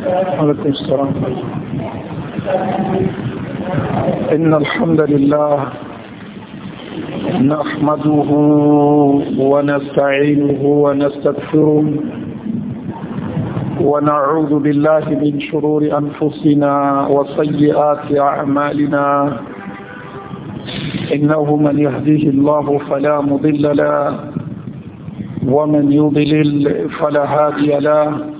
السلام إن الحمد لله نحمده ونستعينه ونستغفره ونعوذ بالله من شرور أنفسنا وسيئات أعمالنا إنه من يهديه الله فلا مضل له ومن يضلل فلا هادي له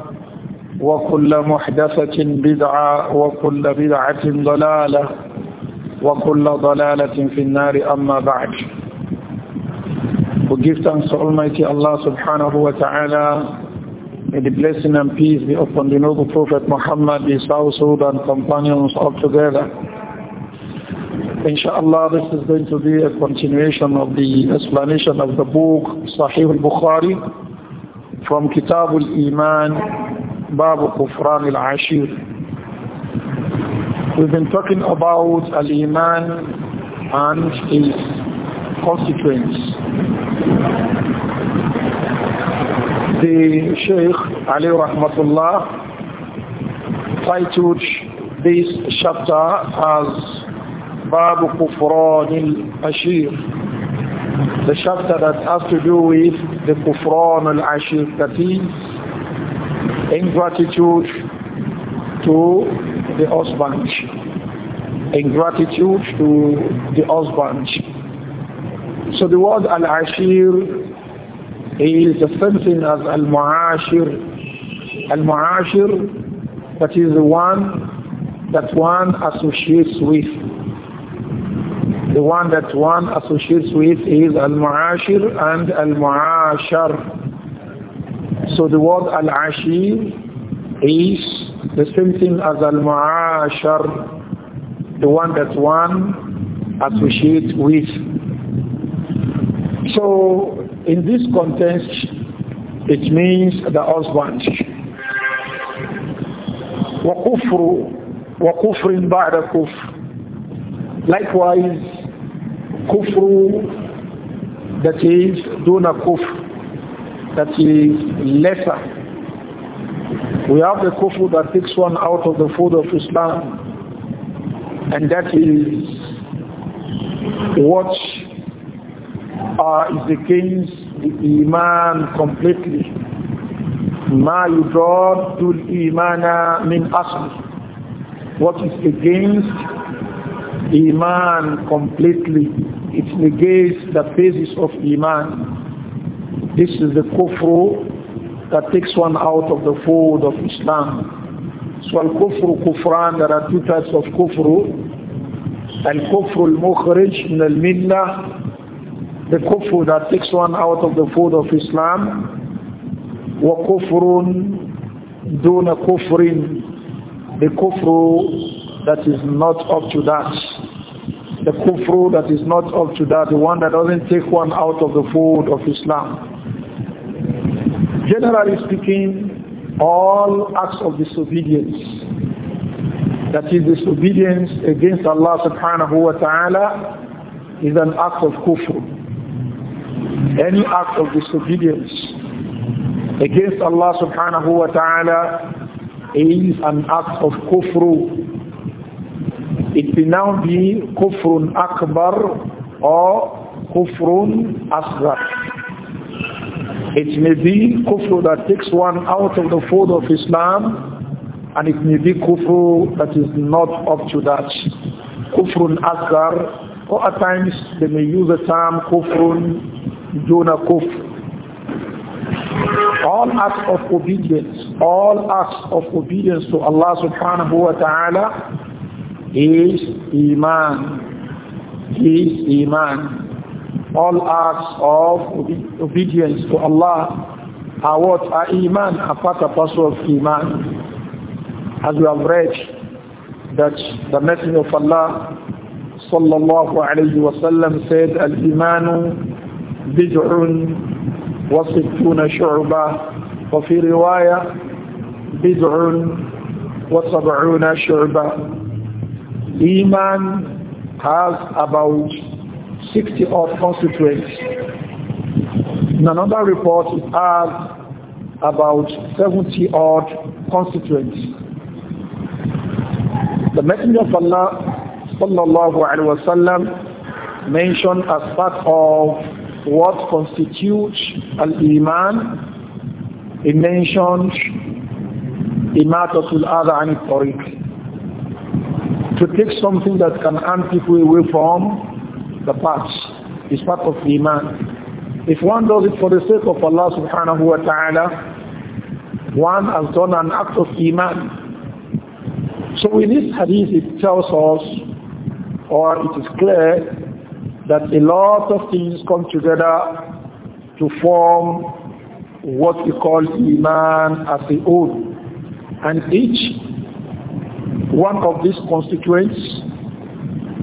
وكل محدثة بدعة وكل بدعة ضلالة وكل ضلالة في النار أما بعد We give thanks to Almighty Allah subhanahu wa ta'ala. May the blessing and peace be upon the noble Prophet Muhammad, his household and companions all together. Inshallah, this is going to be a continuation of the explanation of the book Sahih al-Bukhari from Kitab al-Iman Babu Kufran al-Ashir. We've been talking about al-Iman and its constituents. The Shaykh Ali Rahmatullah titled this chapter as Babu Kufran al-Ashir the chapter that has to do with the Kufran al-Ashir, that is ingratitude to the husband, ingratitude to the husband. So the word al-ashir is the same thing as al-mu'ashir. Al-mu'ashir, that is the one that one associates with. The one that one associates with is al-mu'ashir and al-mu'ashar. So the word al-ashir is the same thing as al-ma'ashar, the one that one associates with. So in this context, it means the husband. وَكُفْرُ وَكُفْرٍ بَعْدَ كُفْرٍ Likewise, kufru, that is, duna kufr, that is lesser. We have the kufu that takes one out of the fold of Islam, and that is what uh, is against the iman completely. ما يضاد الإيمان من أصل What is against iman completely? It negates the basis of iman. This is the kufru that takes one out of the fold of Islam. So al-kufru kufran, there are two types of kufru. Al-kufru al-mukhrij min al-millah, the kufru that takes one out of the fold of Islam. وَكُفْرٌ دُونَ كُفْرٍ The kufru that is not up to that the kufru that is not up to that, the one that doesn't take one out of the fold of Islam. Generally speaking, all acts of disobedience, that is disobedience against Allah subhanahu wa ta'ala, is an act of kufr. Any act of disobedience against Allah subhanahu wa ta'ala is an act of kufr. It will now be kufrun akbar or kufrun asghar. It may be kufr that takes one out of the fold of Islam, and it may be kufr that is not up to that. Kufrun asgar, or at times they may use the term kufrun duna kufr. All acts of obedience, all acts of obedience to Allah subhanahu wa ta'ala is iman. Is iman all acts of obedience to Allah are what are iman, are part of parcel of iman. As we have read that the Messenger of Allah sallallahu alayhi wa sallam said, Al-imanu bid'un wasittuna sittuna shu'ba wa fi riwaya bid'un wa sab'una Iman has about 60 odd constituents. In another report, it has about 70 odd constituents. The Messenger of Allah sallallahu alaihi wasallam mentioned as part of what constitutes an iman he mentioned imatatul adha anit tariq. To take something that can harm people away from the path is part of Iman. If one does it for the sake of Allah subhanahu wa ta'ala, one has done an act of Iman. So in this hadith it tells us, or it is clear, that a lot of things come together to form what we call Iman as a whole. And each one of these constituents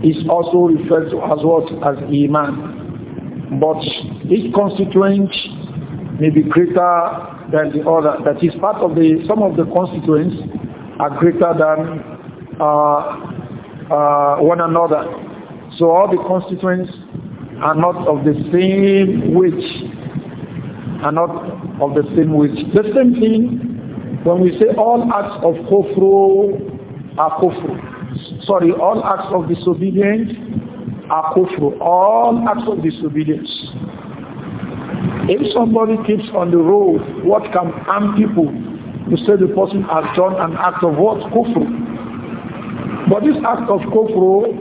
is also referred to as what? As Iman. But each constituent may be greater than the other. That is part of the, some of the constituents are greater than uh, uh, one another. So all the constituents are not of the same weight. Are not of the same weight. The same thing when we say all acts of kufru are kufru sorry, all acts of disobedience are kufr. All acts of disobedience. If somebody keeps on the road, what can harm people? You say the person has done an act of what? Kufr. But this act of kufr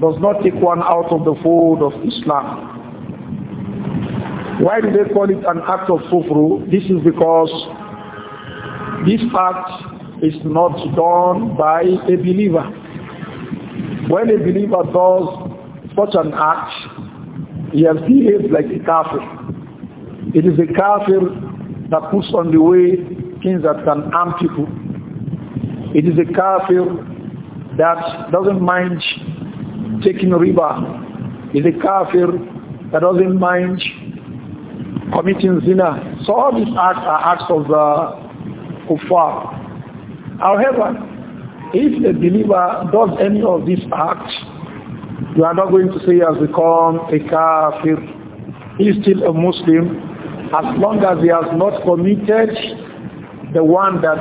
does not take one out of the fold of Islam. Why do they call it an act of kufr? This is because this act is not done by a believer. When a believer does such an act, he behaved like a kafir. It is a kafir that puts on the way things that can harm people. It is a kafir that doesn't mind taking riba. It is a kafir that doesn't mind committing zina. So all these acts are acts of the uh, kuffar. However, if the believer does any of these acts, you are not going to say he has become a kafir. He is still a Muslim as long as he has not committed the one that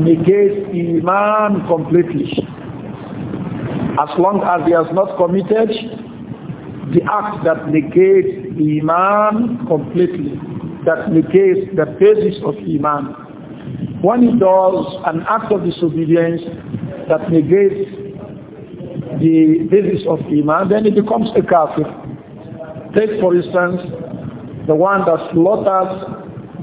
negates Iman completely. As long as he has not committed the act that negates Iman completely, that negates the basis of Iman when he does an act of disobedience that negates the basis of Iman, then he becomes a kafir. Take for instance, the one that slaughters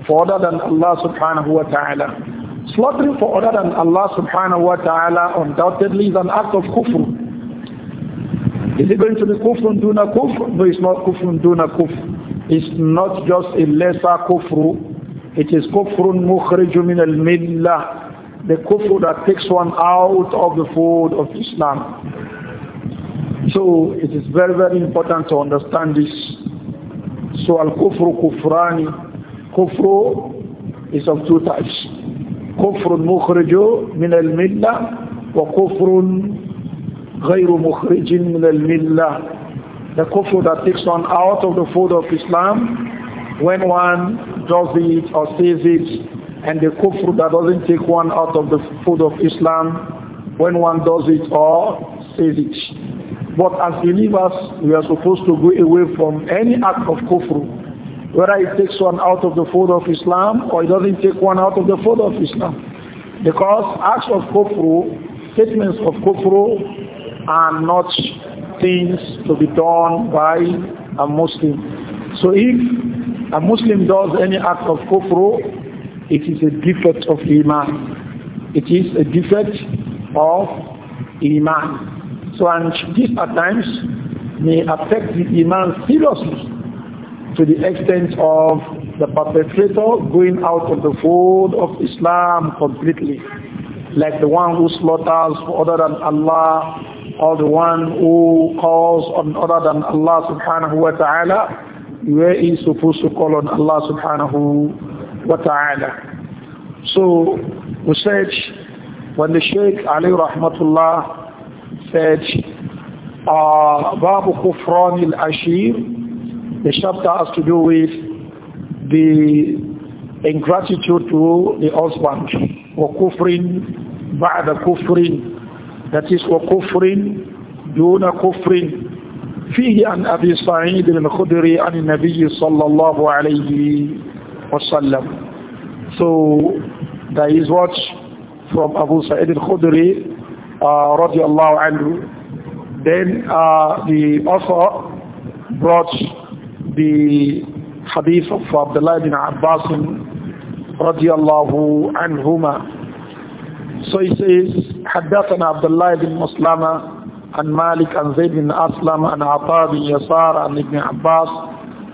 for other than Allah subhanahu wa ta'ala. Slaughtering for other than Allah subhanahu wa ta'ala undoubtedly is an act of kufr. Is it going to be kufr duna kufr? No, it's not kufr duna kufr. It's not just a lesser kufr It is kufrun mukhriju min al-millah. The kufr that takes one out of the fold of Islam. So it is very, very important to understand this. So al-kufru kufrani. Kufru is of two types. Kufrun mukhriju min al-millah wa kufrun ghayru mukhrijin min al-millah. The kufr that takes one out of the fold of Islam when one does it or says it, and the kufr that doesn't take one out of the fold of Islam, when one does it or says it. But as believers, we are supposed to go away from any act of kufr, whether it takes one out of the fold of Islam or it doesn't take one out of the fold of Islam. Because acts of kufr, statements of kufr, are not things to be done by a Muslim. So if a Muslim does any act of kufru, it is a defect of iman. It is a defect of iman. So and this at times may affect the iman seriously to the extent of the perpetrator going out of the fold of Islam completely. Like the one who slaughters other than Allah, or the one who calls on other than Allah subhanahu wa ta'ala, where he's supposed to call on Allah subhanahu wa ta'ala. So we said when the Shaykh Ali Rahmatullah said ah, Babu Kufran al-Ashir, the chapter has to do with the ingratitude to the husband. وَكُفْرٍ بَعْدَ كُفْرٍ That is وَكُفْرٍ دُونَ كُفْرٍ فيه عن أبي سعيد الخدري عن النبي صلى الله عليه وسلم so there is what from Abu Sa'id al-Khudri uh, radiallahu anhu then uh, the author brought the hadith of Abdullah bin Abbas radiallahu عنهما so he says حدثنا عبد الله بن مسلمه عن مالك عن زيد بن أسلم عن عطاء بن يسار عن ابن عباس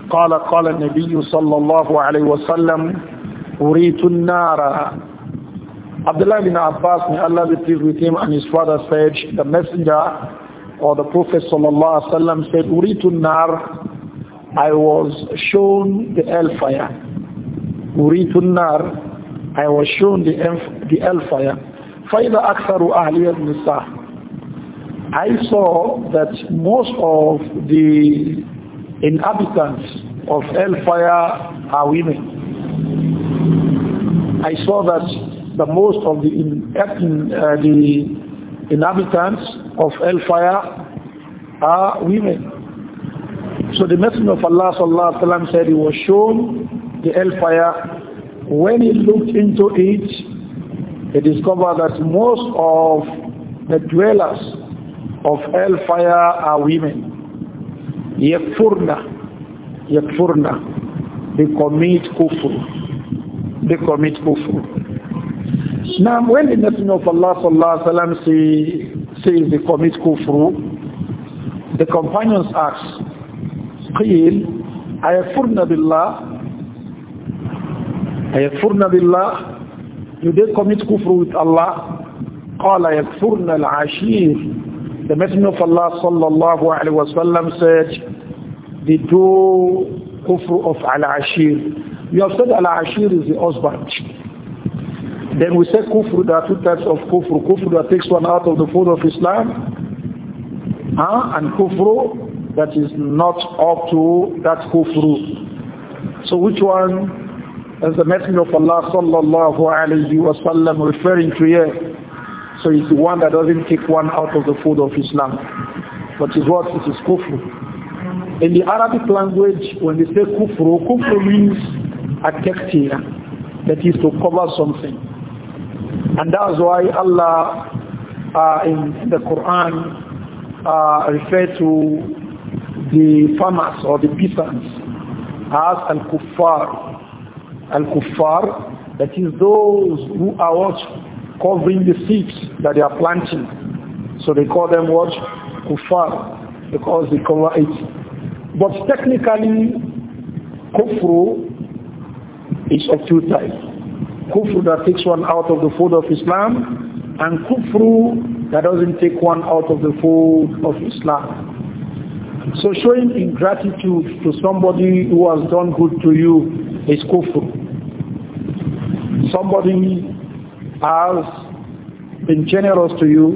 قال قال النبي صلى الله عليه وسلم أريت النار Abdullah bin Abbas, may Allah be pleased with him and his father said, the messenger or the Prophet صلى الله عليه وسلم said, Uritu النار I was shown the hellfire. Uritu النار I was shown the, the hellfire. فَإِذَا أَكْثَرُ أَهْلِيَ النِّسَاءِ I saw that most of the inhabitants of hellfire are women. I saw that the most of the, in, uh, the inhabitants of hellfire are women. So the Messenger of Allah sallallahu alaihi wasallam said he was shown the hellfire. When he looked into it, he discovered that most of the dwellers of hellfire are women. Yakfurna. Yakfurna. They commit kufr. They commit kufr. Now when the Messenger of Allah sallallahu say, says they commit kufr, the companions ask, قيل أيكفرن بالله أيكفرن بالله Do they commit kufr with Allah? قال يكفرن العشير the Messenger of Allah sallallahu alaihi wasallam said, the two kufru of al-ashir. You have said al-ashir is the husband. Then we say kufru, there are two types of kufru. Kufru that takes one out of the fold of Islam, huh? and kufru that is not up to that kufru. So which one is the Messenger of Allah sallallahu alayhi wa referring to here? So he's the one that doesn't take one out of the fold of Islam. But is what? It is In the Arabic language, when they say kufru, kufru means a tektir, that is to cover something. And that's why Allah uh, in the Quran uh, refer to the farmers or the peasants as al-kuffar. Al-kuffar, that is those who are what? covering the seeds that they are planting. So they call them what? Kufar, because they cover it. But technically, kufru is of two types. Kufru that takes one out of the fold of Islam, and kufru that doesn't take one out of the fold of Islam. So showing ingratitude to somebody who has done good to you is kufru. Somebody has been generous to you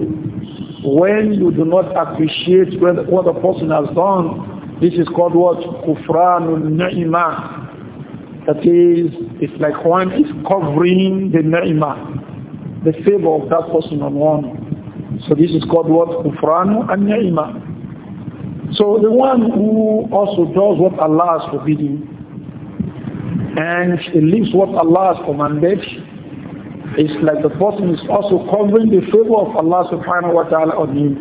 when you do not appreciate what the person has done. This is called what? Kufranul That That is, it's like one is covering the naima, the favor of that person on one. So this is called what? kufran and ni'mah. So the one who also does what Allah has forbidden and leaves what Allah has commanded it's like the person is also covering the favor of Allah subhanahu wa ta'ala on him.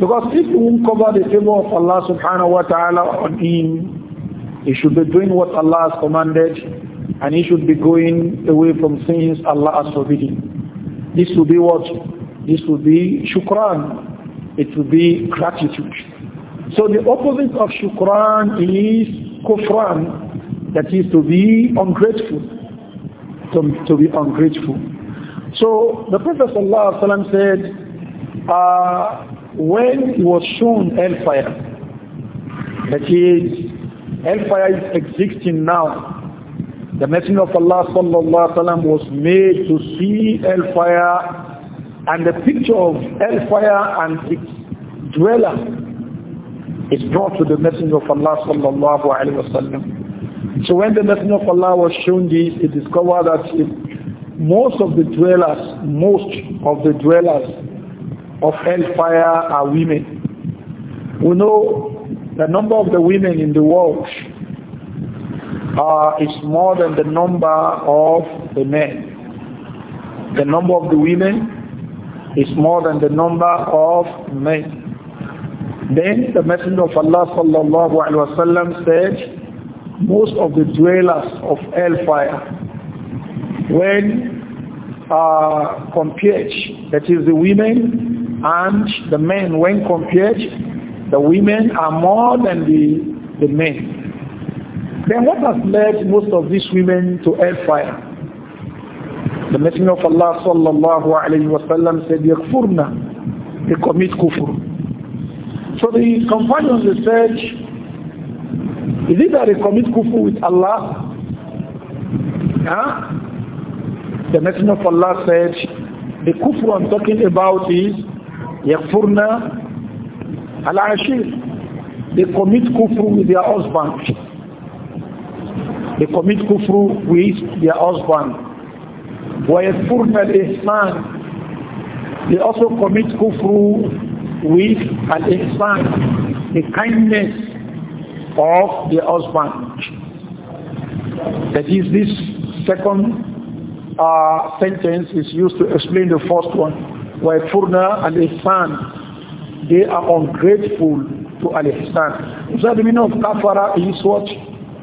Because if he won't cover the favor of Allah subhanahu wa ta'ala on him, he should be doing what Allah has commanded and he should be going away from things Allah has forbidden. This will be what? This will be shukran. It will be gratitude. So the opposite of shukran is kufran, that is to be ungrateful to, to be ungrateful. So the Prophet ﷺ said, uh, when he was shown hellfire, that is, hellfire is existing now. The Messenger of Allah ﷺ was made to see hellfire and the picture of hellfire and its dweller is brought to the Messenger of Allah sallallahu so when the Messenger of Allah was shown this, he discovered that most of the dwellers, most of the dwellers of hellfire are women. We know the number of the women in the world uh, is more than the number of the men. The number of the women is more than the number of men. Then the Messenger of Allah sallallahu alaihi wasallam said, most of the dwellers of hellfire when uh, compared, that is the women and the men, when compared, the women are more than the, the men. Then what has led most of these women to hellfire? The Messenger of Allah sallallahu alayhi wa sallam said, يَكْفُرْنَا They commit kufr. So the companions said, is it that they commit kufr with Allah? Huh? The Messenger of Allah said, the kufr I'm talking about is yakfurna al-ashir. They commit kufr with their husband. They commit kufr with their husband. وَيَكْفُرْنَ الْإِحْسَانِ They also commit kufr with an ihsan the kindness of the husband. That is this second uh, sentence is used to explain the first one. Where Furna and Ihsan, they are ungrateful to Al-Ihsan. So the meaning of kafara is what?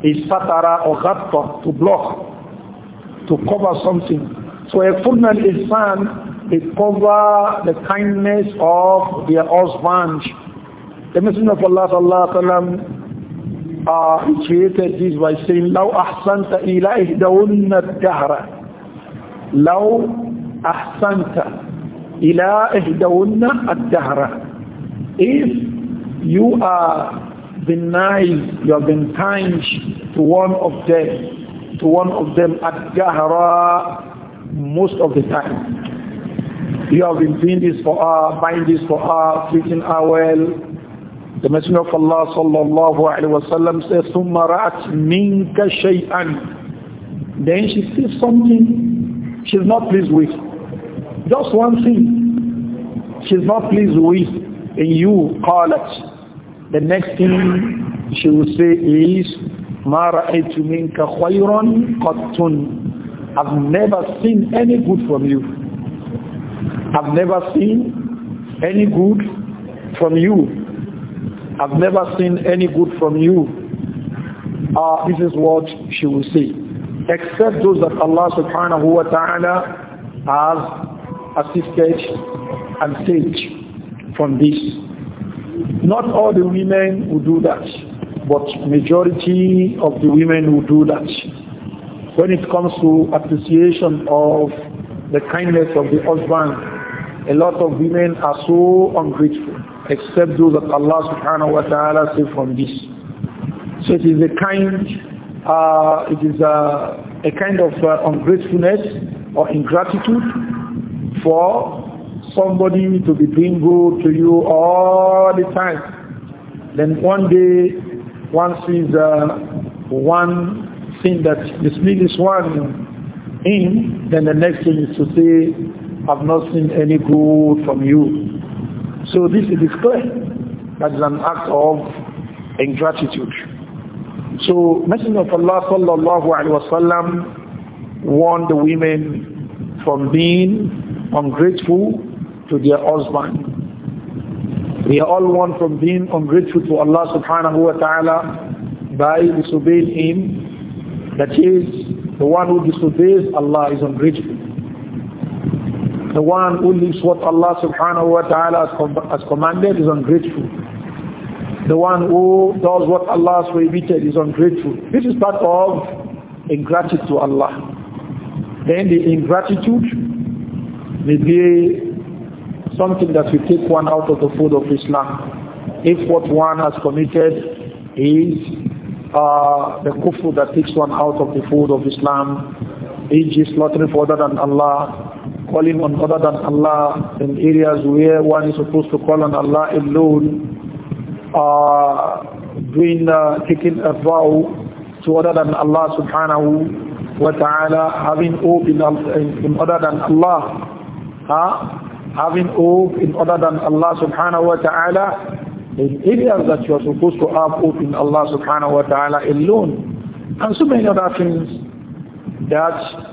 Is satara or ghatta, to block, to cover something. So a Furna and Ihsan, they cover the kindness of their husband. The Messenger of Allah Allah, alaihi uh, he created this by saying, لو أحسنت إلى إهدون الدهر لو أحسنت إلى إهدون الدهر If you are been nice, you have been kind to one of them, to one of them at Gahra most of the time. You have been doing this for her, uh, buying this for her, uh, treating her well, the Messenger of Allah sallallahu alaihi wasallam says, ثُمَّ رَأَتْ مِنْكَ شَيْئًا Then she sees something she's not pleased with. Just one thing she's not pleased with in you, it. The next thing she will say is, مَا رَأَيْتُ مِنْكَ خَيْرًا قَطٌ I've never seen any good from you. I've never seen any good from you. I've never seen any good from you. Uh, this is what she will say. Except those that Allah subhanahu wa ta'ala has assisted and saved from this. Not all the women will do that, but majority of the women will do that. When it comes to appreciation of the kindness of the husband a lot of women are so ungrateful, except those that Allah subhanahu wa ta'ala saved from this. So it is a kind, uh, it is a, uh, a kind of uh, ungratefulness or ingratitude for somebody to be being good to you all the time. Then one day, one sees uh, one thing that misleads one in, then the next thing is to say, have not seen any good from you. So this is clear. That is an act of ingratitude. So Messenger of Allah sallallahu alaihi wasallam warned the women from being ungrateful to their husband. We all warned from being ungrateful to Allah subhanahu wa ta'ala by disobeying him. That is, the one who disobeys Allah is ungrateful. The one who leaves what Allah subhanahu wa ta'ala has, com has commanded is ungrateful. The one who does what Allah has prohibited is ungrateful. This is part of ingratitude to Allah. Then the ingratitude may be something that will take one out of the fold of Islam. If what one has committed is uh, the kufr that takes one out of the fold of Islam, it is slaughtering for other than Allah, calling on other than Allah in areas where one is supposed to call on Allah alone, uh, doing, uh, taking a vow to other than Allah subhanahu wa ta'ala, having hope in, in, in other than Allah, huh? having hope in other than Allah subhanahu wa ta'ala, in areas that you are supposed to have hope in Allah subhanahu wa ta'ala alone, and so many other things that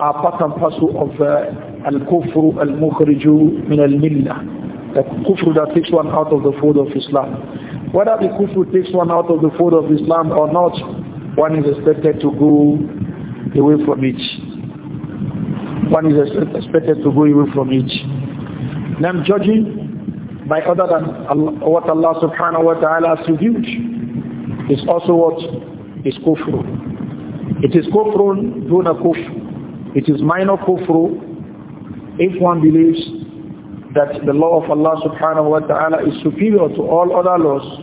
are part and parcel of uh, al-kufru al-mukhriju min al milna The kufru that takes one out of the fold of Islam. Whether the kufru takes one out of the fold of Islam or not, one is expected to go away from it. One is expected to go away from it. I'm judging by other than Allah, what Allah subhanahu wa ta'ala has revealed is also what is kufru. It is kufrun duna kufr. It is minor kufru if one believes that the law of Allah subhanahu wa ta'ala is superior to all other laws,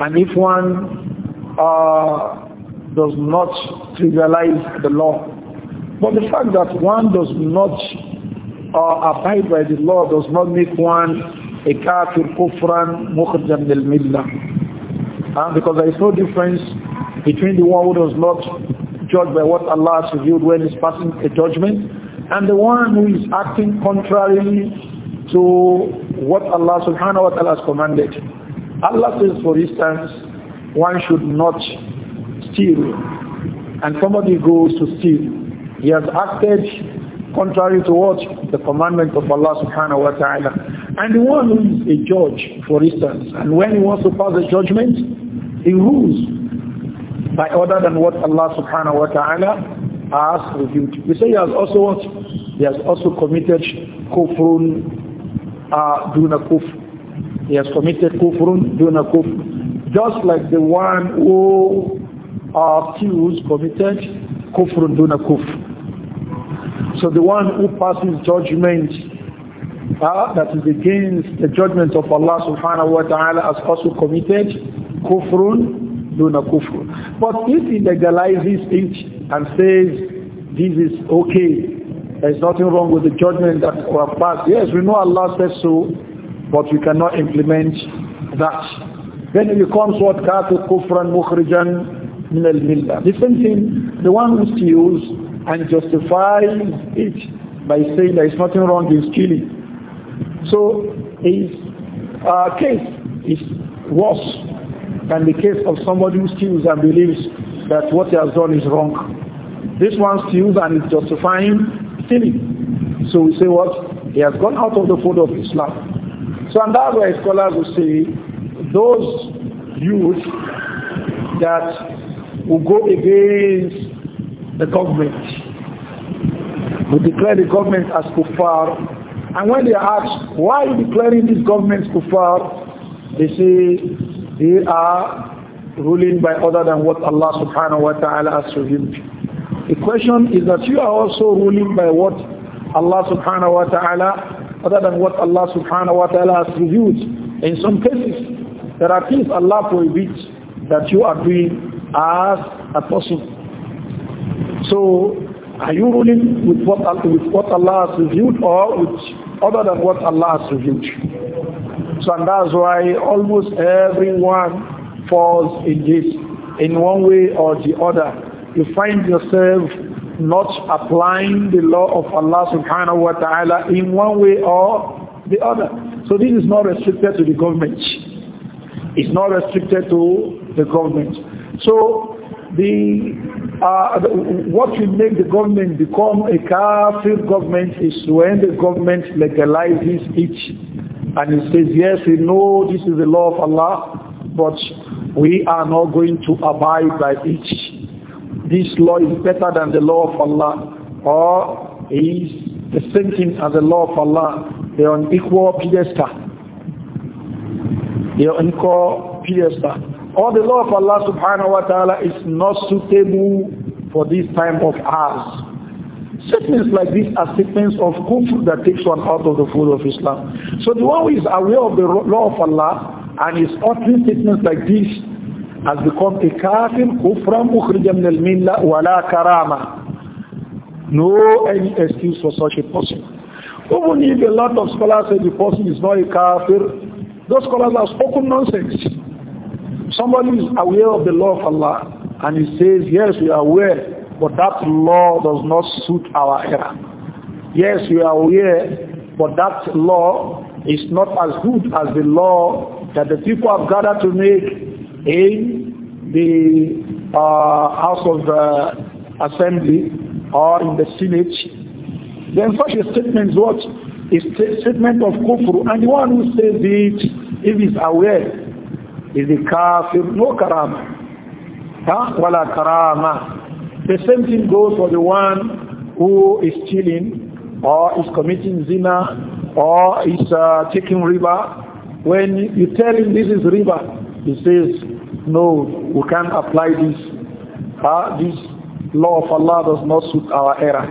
and if one uh, does not trivialize the law, but the fact that one does not uh, abide by the law does not make one a kafir kufran mukhjam lil millah. Uh, because there is no difference between the one who does not judge by what Allah has revealed when he's passing a judgment and the one who is acting contrary to what Allah subhanahu wa ta'ala has commanded. Allah says, for instance, one should not steal, and somebody goes to steal. He has acted contrary to what? The commandment of Allah subhanahu wa ta'ala. And the one who is a judge, for instance, and when he wants to pass a judgment, he rules by other than what Allah subhanahu wa ta'ala has revealed, We say he has also what? He has also committed kufrun uh, duna kufr. He has committed kufrun duna kufr. Just like the one who uh, accused committed kufrun duna kufr. So the one who passes judgment uh, that is against the judgment of Allah subhanahu wa ta'ala has also committed kufrun duna kufr. But if he legalizes it and says this is okay, there's nothing wrong with the judgment that was passed. Yes, we know Allah says so, but we cannot implement that. Then it becomes what kafir kufran mukhrijan min al millah. The same thing, the one who steals and justifies it by saying there is nothing wrong in stealing. So his uh, case is worse than the case of somebody who steals and believes that what he has done is wrong. This one steals and is justifying stealing. So we say what? He has gone out of the fold of Islam. So and that's why scholars will say those youth that will go against the government, will declare the government as kufar, and when they are asked why are you declaring this government kufar, They say, they are ruling by other than what Allah subhanahu wa ta'ala has revealed. The question is that you are also ruling by what Allah subhanahu wa ta'ala, other than what Allah subhanahu wa ta'ala has revealed. In some cases, there are things Allah prohibits that you are doing as a person. So, are you ruling with what, with what Allah has revealed or with other than what Allah has revealed? and that's why almost everyone falls in this in one way or the other. You find yourself not applying the law of Allah subhanahu wa ta'ala in one way or the other. So this is not restricted to the government. It's not restricted to the government. So the, uh, the what will make the government become a kafir government is when the government legalizes it and he says, yes, we know this is the law of Allah, but we are not going to abide by it. This law is better than the law of Allah, or is the same thing as the law of Allah. They are on equal pedestal. They are on equal pedestal. Or the law of Allah subhanahu wa ta'ala is not suitable for this time of ours. Statements like this are statements of kufr that takes one out of the fold of Islam. So the one who is aware of the law of Allah and is uttering statements like this has become a kafir kufran mukhrijan min al-milla wala karama. No any excuse for such a person. Even if a lot of scholars say the person is not a kafir, those scholars have spoken nonsense. Somebody is aware of the law of Allah and he says, yes, we are aware but that law does not suit our era. Yes, we are aware, but that law is not as good as the law that the people have gathered to make in the uh, House of uh, Assembly or in the Senate. Then such a statement is what? A statement of kufr. And the one who says it, if he's aware, is the kafir, no karama. Huh? Wala karama. The same thing goes for the one who is stealing or is committing zina or is uh, taking riba. When you tell him this is riba, he says, no, we can't apply this. Uh, this law of Allah does not suit our era.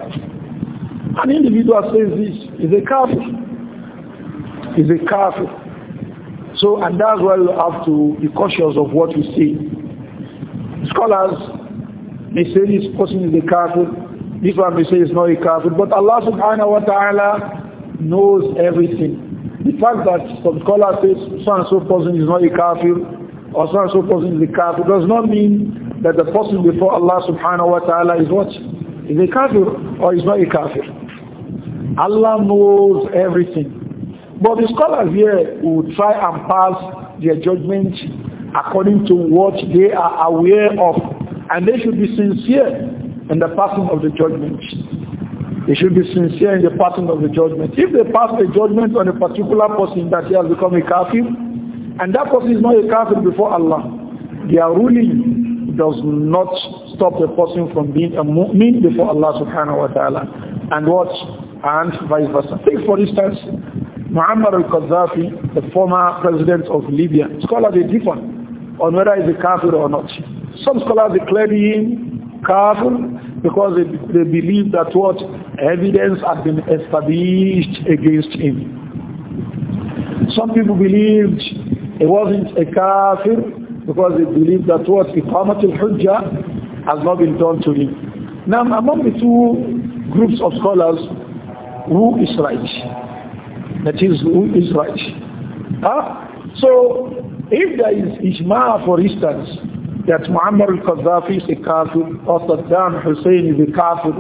An individual says this is a kafir. Is a kafir. So, and that's why you have to be cautious of what you see. Scholars they say this person is a kafir. This one they say is not a kafir. But Allah subhanahu wa ta'ala knows everything. The fact that some scholars say so-and-so person is not a kafir or so-and-so person is a kafir does not mean that the person before Allah subhanahu wa ta'ala is what? Is a kafir or is not a kafir. Allah knows everything. But the scholars here will try and pass their judgment according to what they are aware of and they should be sincere in the passing of the judgment. They should be sincere in the passing of the judgment. If they pass the judgment on a particular person that he has become a kafir, and that person is not a kafir before Allah, their ruling does not stop the person from being a mu'min before Allah subhanahu wa ta'ala. And what? And vice versa. Take for instance, Muammar al-Qaddafi, the former president of Libya. Scholars are different on whether he's a kafir or not. Some scholars declared him kafir because they, they believe that what evidence had been established against him. Some people believed he wasn't a kafir because they believed that what Iqamat al-Hujjah has not been done to him. Now among the two groups of scholars, who is right? That is, who is right? Huh? So if there is Ijma for instance, that Muammar al-Qaddafi is a kafir or Saddam Hussein is a kafir,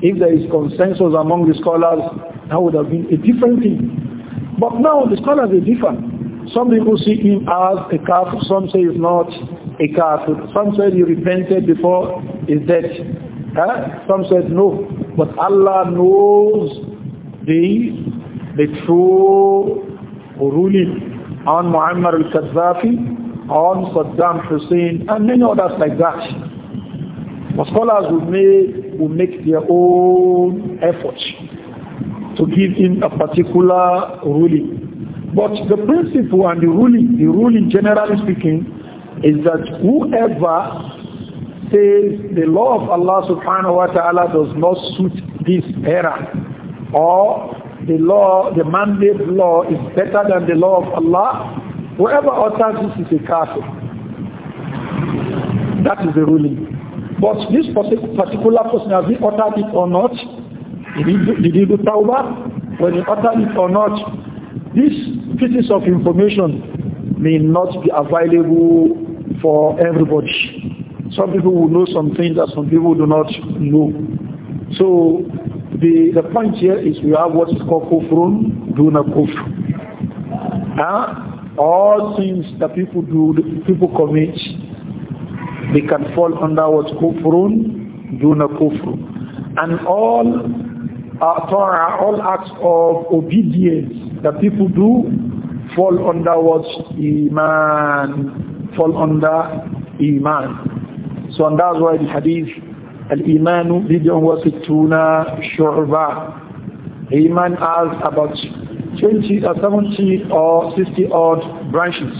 if there is consensus among the scholars, that would have been a different thing. But now the scholars are different. Some people see him as a kafir, some say he's not a kafir. Some say he repented before his death. Huh? Some said no. But Allah knows the, the true ruling on Muammar al-Qaddafi on Saddam Hussein and many others like that. But scholars will make, will make their own efforts to give him a particular ruling. But the principle and the ruling, the ruling generally speaking, is that whoever says the law of Allah subhanahu wa ta'ala does not suit this era or the law, the mandate law is better than the law of Allah, Whoever utters this is a kafir. That is the ruling. But this particular person, has he uttered it or not? Did he do, did he do tawbah? When he uttered it or not? These pieces of information may not be available for everybody. Some people will know some things that some people do not know. So the, the point here is we have what is called kufrun duna kufr. Huh? all sins that people do, people commit, they can fall under what kufrun, duna kufrun. And all uh, Torah, all acts of obedience that people do fall under what iman, fall under iman. So and that's why the hadith, al-imanu bidyan wa sittuna shu'ba. Iman has about 20 or uh, 70 or 60 odd branches.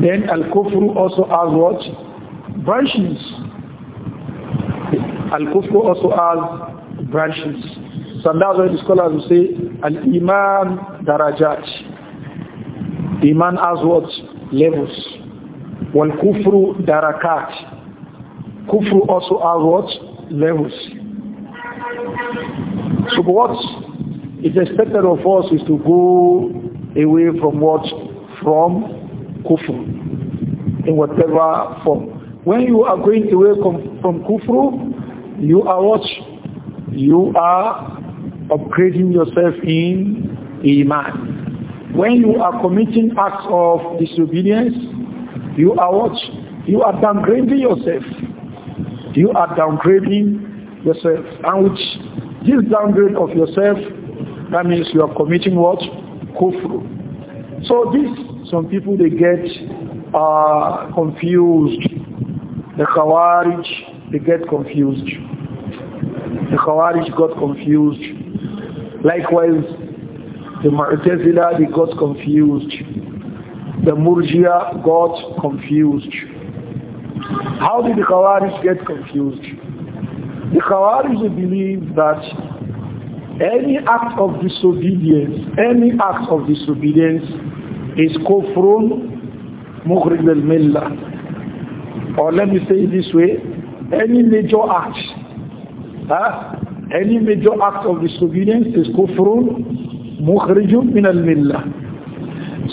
Then Al-Kufru also has what? Branches. Al-Kufru also has branches. So that's why the scholars will say Al-Iman Darajat. Iman has what? Levels. Wal-Kufru Darakat. Kufru also has what? Levels. So what it's expected of us is to go away from what? From kufr. In whatever form. When you are going away from, from you are what? You are upgrading yourself in iman. When you are committing acts of disobedience, you are what? You are downgrading yourself. You are downgrading yourself. And which this downgrade of yourself, that means you are committing what? Kufr. So this, some people they get uh, confused. The Khawarij, they get confused. The Khawarij got confused. Likewise, the Mu'tazila, they got confused. The Murjia got confused. How did the Khawarij get confused? The Khawarij believe that any act of disobedience, any act of disobedience is kufrun mukhrij al-millah. Or let me say it this way, any major act, huh? any major act of disobedience is kufrun mukhrijun min al-millah.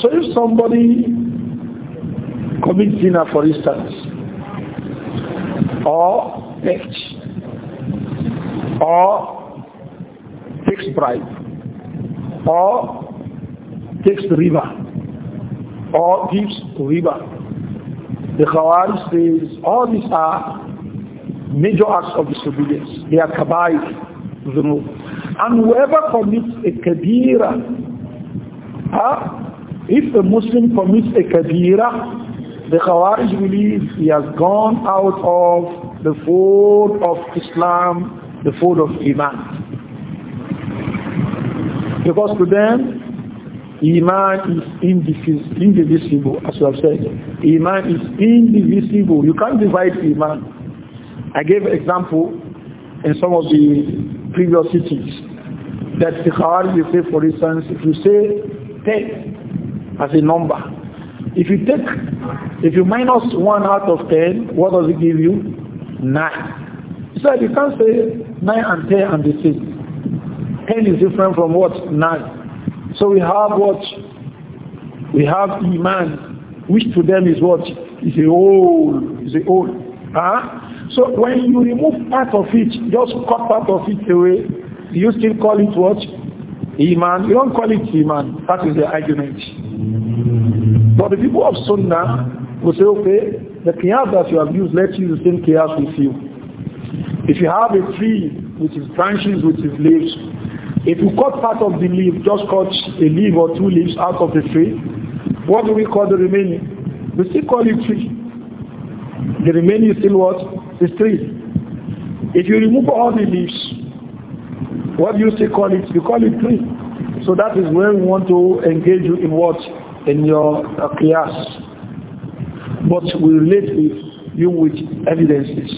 So if somebody commits zina for instance, or theft, or takes bribe or takes riba or gives riba. The Khawarij says all these are major acts of disobedience. They are kabair, move. And whoever commits a kabira, huh? if a Muslim commits a kabira, the Khawarij believe he has gone out of the fold of Islam, the fold of Iman. Because to them, Iman is indivisible, as you have said. Iman is indivisible. You can't divide Iman. I gave example in some of the previous cities that the Khawarij you say, for instance, if you say 10 as a number, if you take, if you minus 1 out of 10, what does it give you? 9. So you can't say 9 and 10 and the same. 10 is different from what? 9. So we have what? We have Iman, which to them is what? Is the old, Is the old. Huh? So when you remove part of it, just cut part of it away, you still call it what? Iman. You don't call it Iman. That is the argument. But the people of Sunnah will say, okay, the qiyas that you have used, let's use the same qiyas with you. If you have a tree which is branches, which is leaves, if you cut part of the leaf, just cut a leaf or two leaves out of the tree, what do we call the remaining? We still call it tree. The remaining is still what? Is tree. If you remove all the leaves, what do you still call it? You call it tree. So that is where we want to engage you in what? In your uh, But we relate with you with evidences.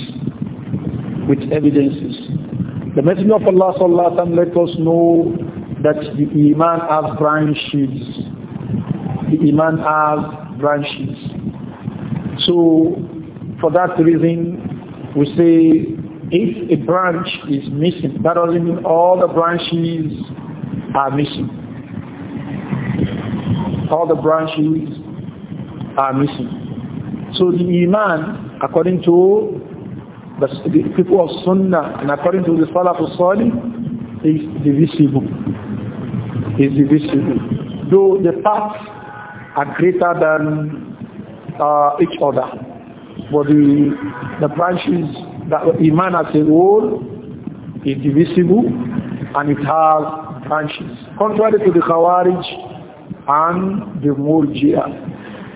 With evidences. The Messenger of Allah sallallahu let us know that the iman has branches. The iman has branches. So for that reason, we say if a branch is missing, that doesn't mean all the branches are missing. All the branches are missing. So the iman, according to but the people of Sunnah, and according to the Salaf al-Salih, is divisible. Is divisible. Though the parts are greater than uh, each other. But the, the branches, that Iman as a whole is divisible and it has branches. Contrary to the Khawarij and the Murjia.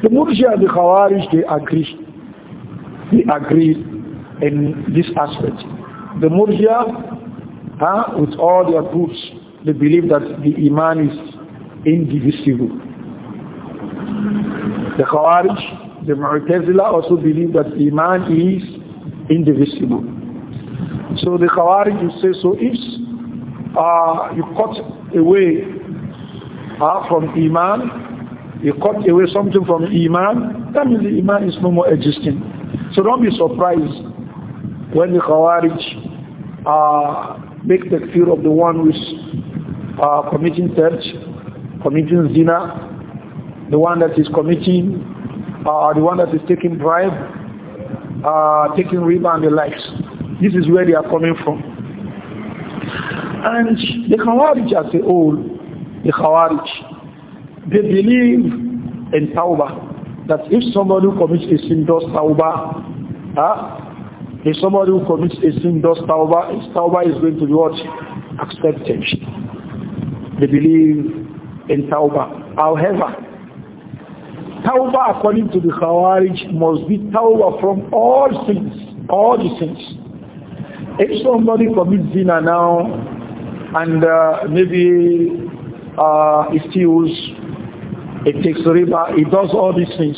The Murjia and the Khawarij, they agree. They agree in this aspect. The Murjia, huh, with all their groups, they believe that the Iman is indivisible. The Khawarij, the Mu'tazila also believe that the Iman is indivisible. So the Khawarij will say, so if uh, you cut away uh, from Iman, you cut away something from Iman, that means the Iman is no more existing. So don't be surprised when the Khawarij uh, make fear of the one who is uh, committing search, committing zina, the one that is committing, uh, the one that is taking bribe, uh, taking riba and the likes. This is where they are coming from. And the Khawarij as a whole, the Khawarij, they believe in Tawbah, that if somebody commits a sin, does Tawbah, huh, if somebody who commits a sin does tawbah, his tawbah is going to be what? Accepted. They believe in tawbah. However, tawbah according to the Khawarij must be tawbah from all sins, all the sins. If somebody commits zina now and uh, maybe uh, he steals, he takes riba, he does all these things.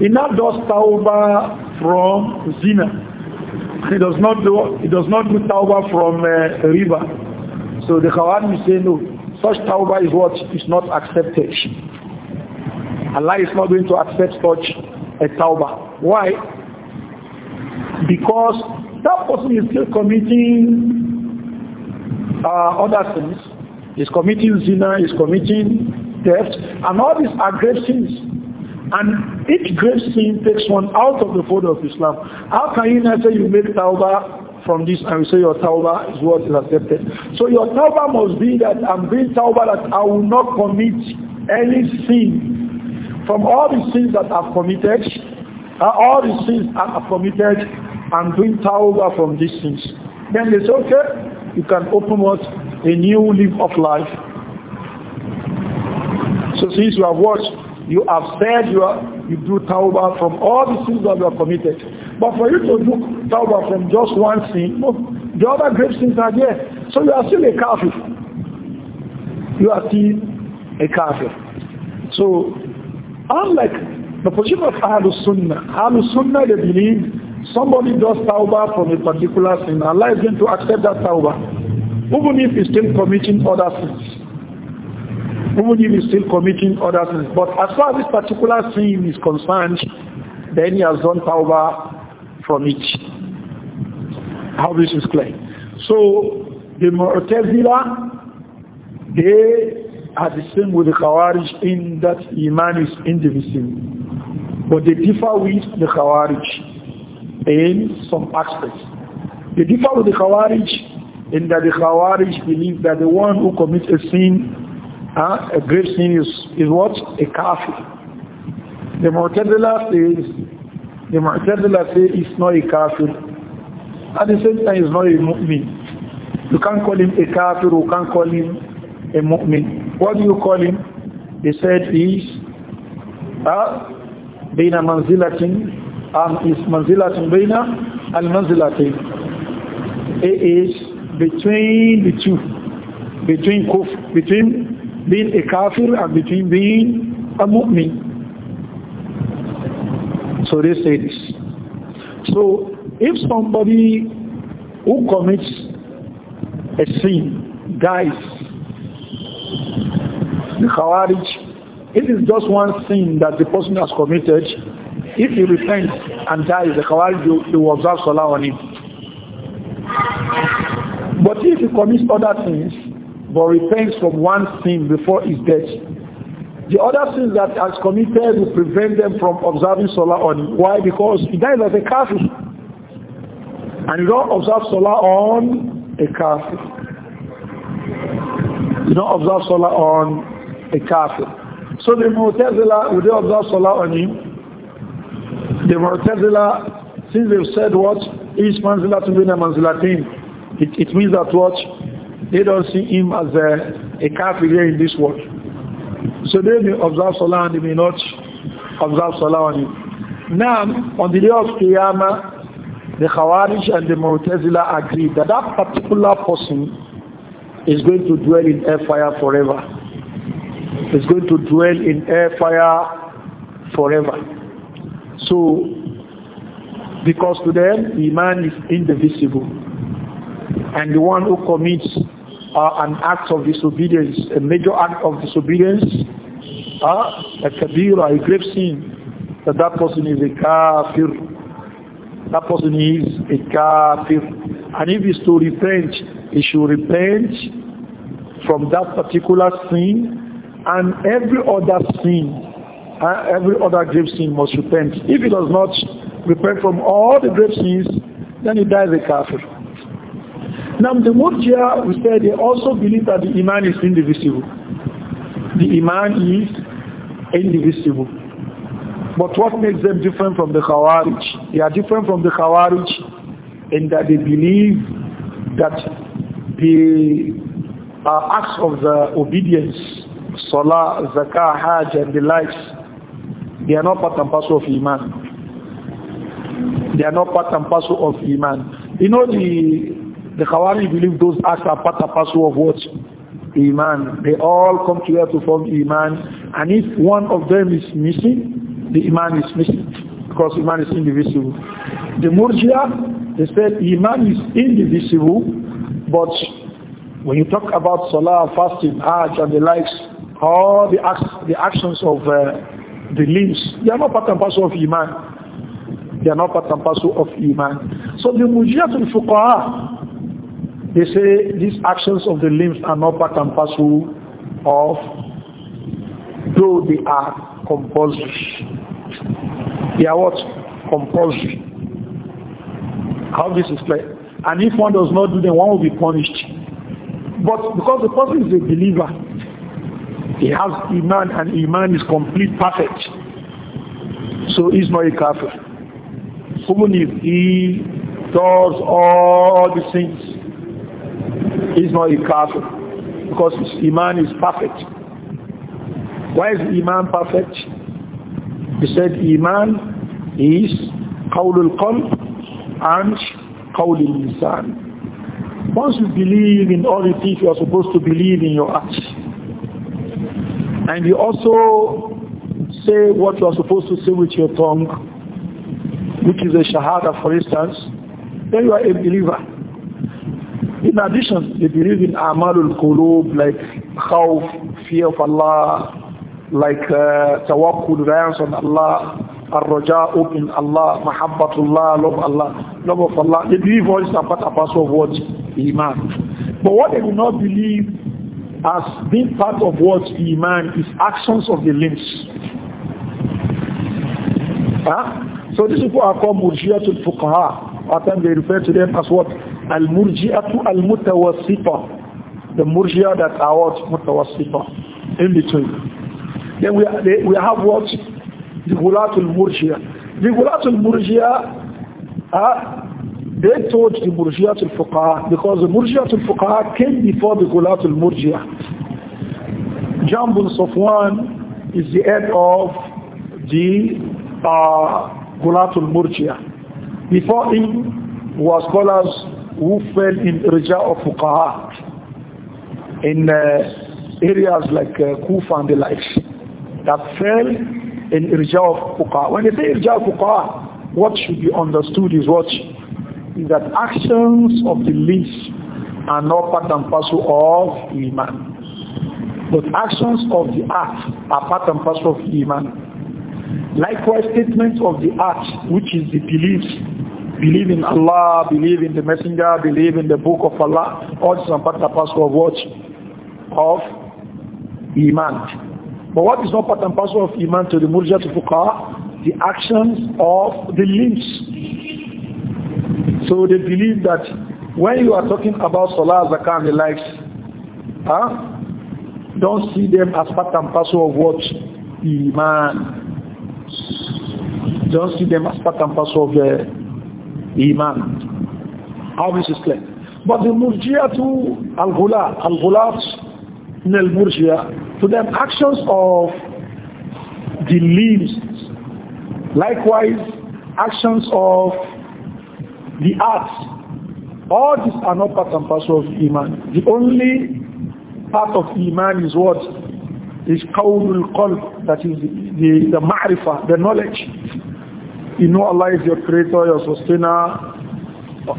He now does tawbah from zina. He does not do, he does not do tawbah from uh, river. So the is say no, such tawbah is what is not accepted. Allah is not going to accept such a tawbah. Why? Because that person is still committing uh, other sins. He's committing zina, he's committing theft, and all these are sins. And each grave sin takes one out of the fold of Islam. How can you not say you make tawbah from this and say your tawbah is what is accepted? So your tawbah must be that I'm doing tawbah that I will not commit any sin. From all the sins that I've committed, uh, all the sins I've committed, I'm doing tawbah from these sins. Then it's okay, you can open up A new leaf of life. So since you have watched You have said you, are, you do tawbah from all the sins that you have committed. But for you to do tawbah from just one sin, no, the other grave sins are there. So you are still a kafir. You are still a kafir. So, unlike the position of Ahlul Sunnah, Ahlul Sunnah they believe somebody does tawbah from a particular sin, Allah is going to accept that tawbah, even if he's still committing other sins. Even if he's still committing other sins. But as far as this particular sin is concerned, then he has done power from it. How this is clear. So the Mu'tazila, they are the same with the Khawarij in that Iman is indivisible. But they differ with the Khawarij in some aspects. They differ with the Khawarij in that the Khawarij believe that the one who commits a sin a great thing is, is what? A kafir. The Mu'tadila says, the Mu'tadila says it's not a kafir. At the same time, it's not a mu'min. You can't call him a kafir, you can't call him a mu'min. What do you call him? He said he's uh, a منزلة and is manzilatin um, baina al-manzilatin. It is between the two, between kuf, between being a kafir and between being a mu'min. So they say this. So if somebody who commits a sin dies, the Khawarij, it is just one sin that the person has committed. If he repents and dies, the Khawarij will observe Salah on him. But if he commits other sins, but repents from one sin before his death. The other sins that has committed will prevent them from observing Salah on. Why? Because he dies as a kafir. And you don't observe Salah on a kafir. You don't observe Salah on a kafir. So the Mu'tazila, would they observe Salah on him? The Mu'tazila, since they've said what? Each manzila to a manzilatin. It, it means that what? They don't see him as a, a kafir in this world. So they may observe Salah and they may not observe Salah on him. Now, on the day of Qiyamah, the Khawarij and the Mu'tazila agree that that particular person is going to dwell in air fire forever. Is going to dwell in air fire forever. So, because to them, the man is indivisible. And the one who commits uh, an act of disobedience, a major act of disobedience, uh, a kabir, a grave sin, that that person is a kafir. That person is a kafir. And if he's to repent, he should repent from that particular sin and every other sin, uh, every other grave sin must repent. If he does not repent from all the grave sins, then he dies a kafir. Now the Murjia, we said they also believe that the Iman is indivisible. The Iman is indivisible. But what makes them different from the Khawarij? They are different from the Khawarij in that they believe that the uh, acts of the obedience, Salah, Zakah, Hajj and the likes, they are not part and parcel of Iman. They are not part and parcel of Iman. You know the the Khawarij believe those acts are part and parcel of what? Iman. They all come together to form Iman. And if one of them is missing, the Iman is missing. Because Iman is indivisible. The Murjia, they said Iman is indivisible, but when you talk about Salah, fasting, Hajj and the likes, all the, acts, the actions of uh, the limbs, they are not part and parcel of Iman. They are not part and parcel of Iman. So the to the Fuqaha, they say these actions of the limbs are not part and parcel of, though they are compulsory. They are what? Compulsory. How this is clear. And if one does not do them, one will be punished. But because the person is a believer, he has Iman and Iman is complete, perfect. So he's not a kafir. Even if he does all the things He's not a kafir because his iman is perfect. Why is iman perfect? He said iman is al qalb and al lisan. Once you believe in all the things you are supposed to believe in your heart, and you also say what you are supposed to say with your tongue, which is a shahada for instance, then you are a believer. In addition, they believe in Amalul Qulub, like khawf, fear of Allah, like uh, tawakkul, reliance on Allah, Ar-Raja'u in Allah, Mahabbatullah, love Allah, love of Allah. They believe all these are part of what? Iman. But what they do not believe as being part of what Iman is actions of the limbs. Huh? So is what I call Murjiyatul Fuqaha. At times they refer to them as what? Al-Murji'atu Al-Mutawassita. The Murji'a that are what? Mutawassita. In between. Then we, they, we have what? The Gulatul Murji'a. The Gulatul Murji'a are uh, they taught the murjia al-Fuqaha because the murjia al-Fuqaha came before the gulatul al-Murjiah. John Safwan is the head of the uh, gulatul al Before him called scholars who fell in irja of fuqaha in uh, areas like uh, Kufa and the likes that fell in irja of fuqaha. When they say irja of fuqaha, what should be understood is what is that actions of the least are not part and parcel of iman. But actions of the act are part and parcel of iman. Likewise, statements of the act, which is the beliefs Believe in Allah, believe in the messenger, believe in the book of Allah. All this is part and parcel of what? Of Iman. But what is not part and parcel of Iman to the Murjat Fuqah? The actions of the limbs. So they believe that when you are talking about Salah, Zakah and the likes, huh? don't see them as part and parcel of what? Iman. Don't see them as part and parcel of the uh, Iman. obviously this is But the to al-Ghulat, al-Ghulat in murjia to them actions of the leaves. Likewise, actions of the arts. All these are not part and parcel of Iman. The only part of Iman is what? Is qawlul qalb, that is the, the, the ma'rifah, the knowledge. You know Allah is your creator, your sustainer.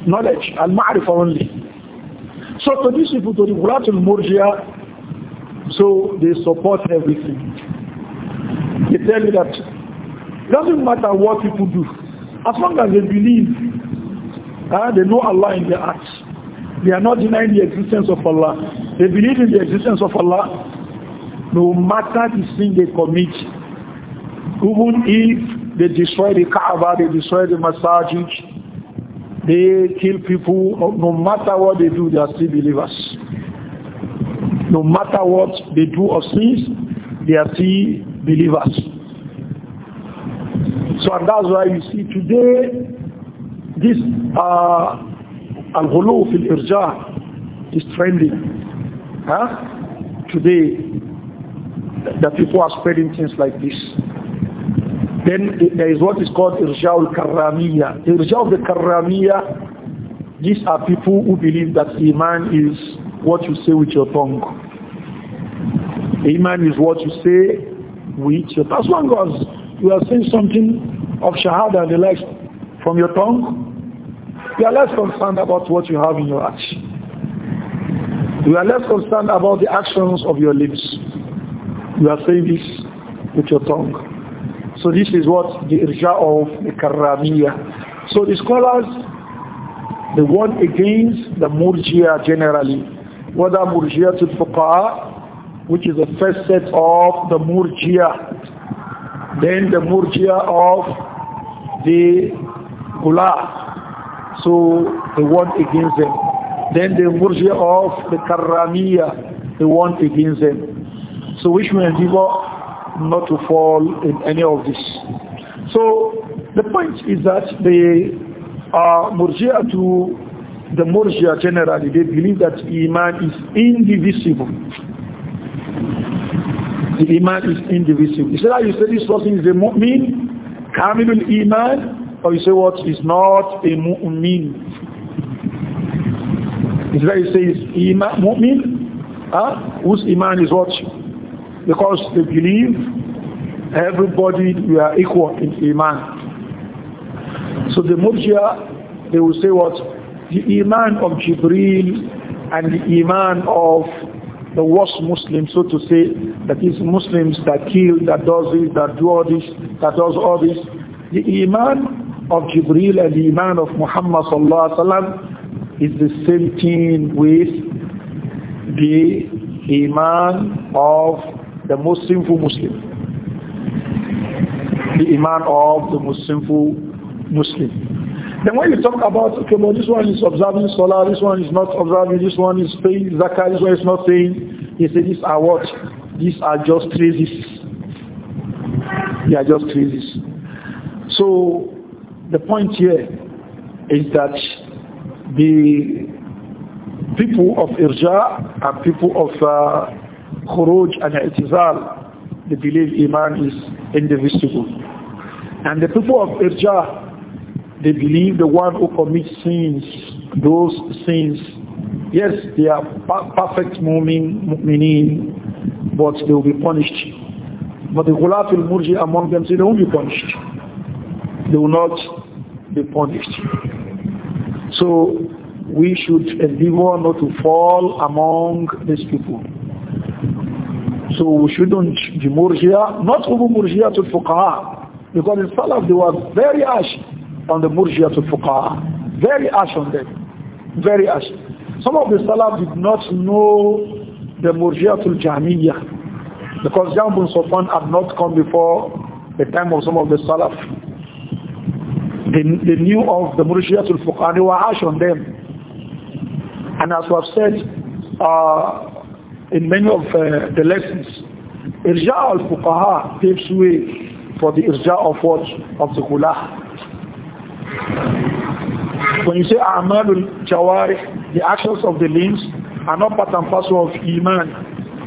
Knowledge, al-ma'rifah only. So these people, to the al-Murjia, so they support everything. They tell you that it doesn't matter what people do. As long as they believe, uh, they know Allah in their hearts. They are not denying the existence of Allah. They believe in the existence of Allah no matter the sin they commit, even if they destroy the Kaaba, they destroy the masajid, they kill people. No matter what they do, they are still believers. No matter what they do or sins, they are still believers. So and that's why you see today this uh, al-ghulu fil irja is trending. Huh? Today, that people are spreading things like this. Then there is what is called Irsha'ul The Irsha'ul karamiya these are people who believe that Iman is what you say with your tongue. Iman is what you say with your tongue. As long as you are saying something of Shahada and the likes from your tongue, you are less concerned about what you have in your heart. You are less concerned about the actions of your lips. You are saying this with your tongue. So this is what the irja of the karamiya. So the scholars, they one against the Murjia generally. Whether Murjia to Fuqaha, which is the first set of the Murjia, then the Murjia of the Gula. So they one against them. Then the Murjia of the karamiya, they one against them. So which will people? not to fall in any of this. So the point is that the uh, Murjia to the Murjia generally, they believe that Iman is indivisible. The Iman is indivisible. You say that ah, you say this person is a mu'min, kamilul Iman, or you say what is not a mu'min. Is that you say is Iman, mu'min, huh? Ah, whose Iman is what? because they believe everybody we are equal in Iman. So the Murjia, they will say what? The Iman of Jibril and the Iman of the worst Muslim, so to say, that is Muslims that kill, that does this, that do all this, that does all this. The Iman of Jibril and the Iman of Muhammad sallallahu alaihi is the same thing with the Iman of the most sinful Muslim. The Imam of the most sinful Muslim. Then when you talk about, okay, but this one is observing Salah, this one is not observing, this one is paying Zakah, this one is not paying, they say these are what? These are just crazies. They are just crazies." So the point here is that the people of Irja and people of uh, khuruj and i'tizal, they believe Iman is indivisible. And the people of Irja, they believe the one who commits sins, those sins, yes, they are perfect mu'min, mu'minin, but they will be punished. But the Ghulat al-Murji among them they won't be punished. They will not be punished. So we should endeavor not to fall among these people. So we shouldn't be murjia, not even murjia to fuqaha. Because in Salaf they were very ash on the murjia to fuqaha. Very ash on them. Very ash. Some of the Salaf did not know the murjia to jamia, Because Jam bin Sofan had not come before the time of some of the Salaf. They, they knew of the murjia to fuqaha. They were ash on them. And as we have said, uh, in many of uh, the lessons. Irja al-fuqaha paves way for the irja of what? Of the kulah. When you say a'malul jawarih, the actions of the limbs are not part and parcel of iman.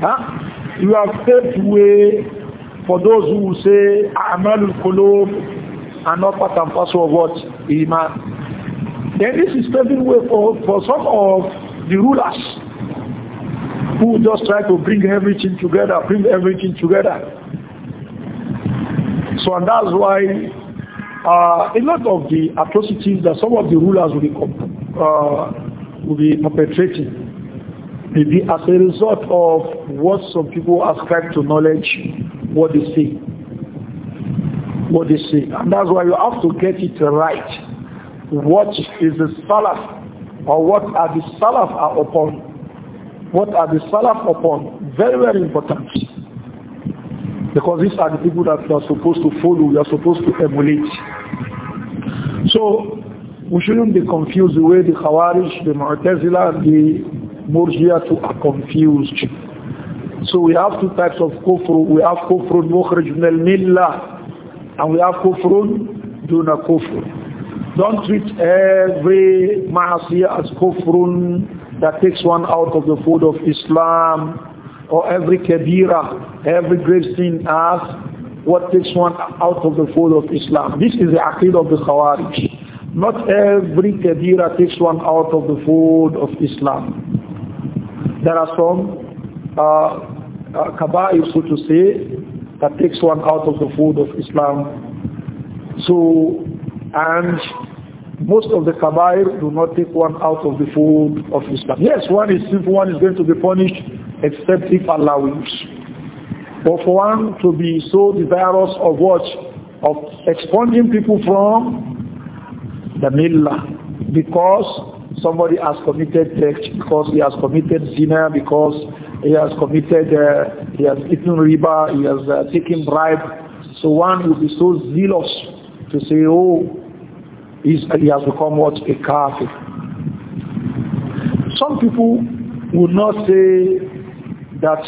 Huh? You have paved way for those who say a'malul qulub are not part and parcel of what? Iman. Then this is paving way for, for some of the rulers who just try to bring everything together, bring everything together. So and that's why uh, a lot of the atrocities that some of the rulers will be, uh, will be perpetrating may be as a result of what some people ascribe to knowledge, what they say. What they say. And that's why you have to get it right. What is the salaf or what are the salaf are upon? what are the salaf upon? Very, very important. Because these are the people that we are supposed to follow, we are supposed to emulate. So, we shouldn't be confused the way the Khawarij, the Mu'tazila, the Murjia are confused. So we have two types of kufr. We have kufr mukhrij min al-millah and we have kufr duna kufr. Don't treat every ma'asiyah as kufrun that takes one out of the fold of Islam or every kabira, every grave sin as what takes one out of the fold of Islam. This is the aqid of the Khawarij. Not every kabira takes one out of the fold of Islam. There are some uh, uh, kabair, so to say, that takes one out of the fold of Islam. So, and most of the kabair do not take one out of the fold of Islam. Yes, one is sinful, one is going to be punished, except if Allah wills. But for one to be so desirous of what? Of expunging people from the millah. Because somebody has committed theft, because he has committed zina, because he has committed, uh, he has eaten riba, he has uh, taken bribe. So one will be so zealous to say, oh, he has become what? A kafir. Some people would not say that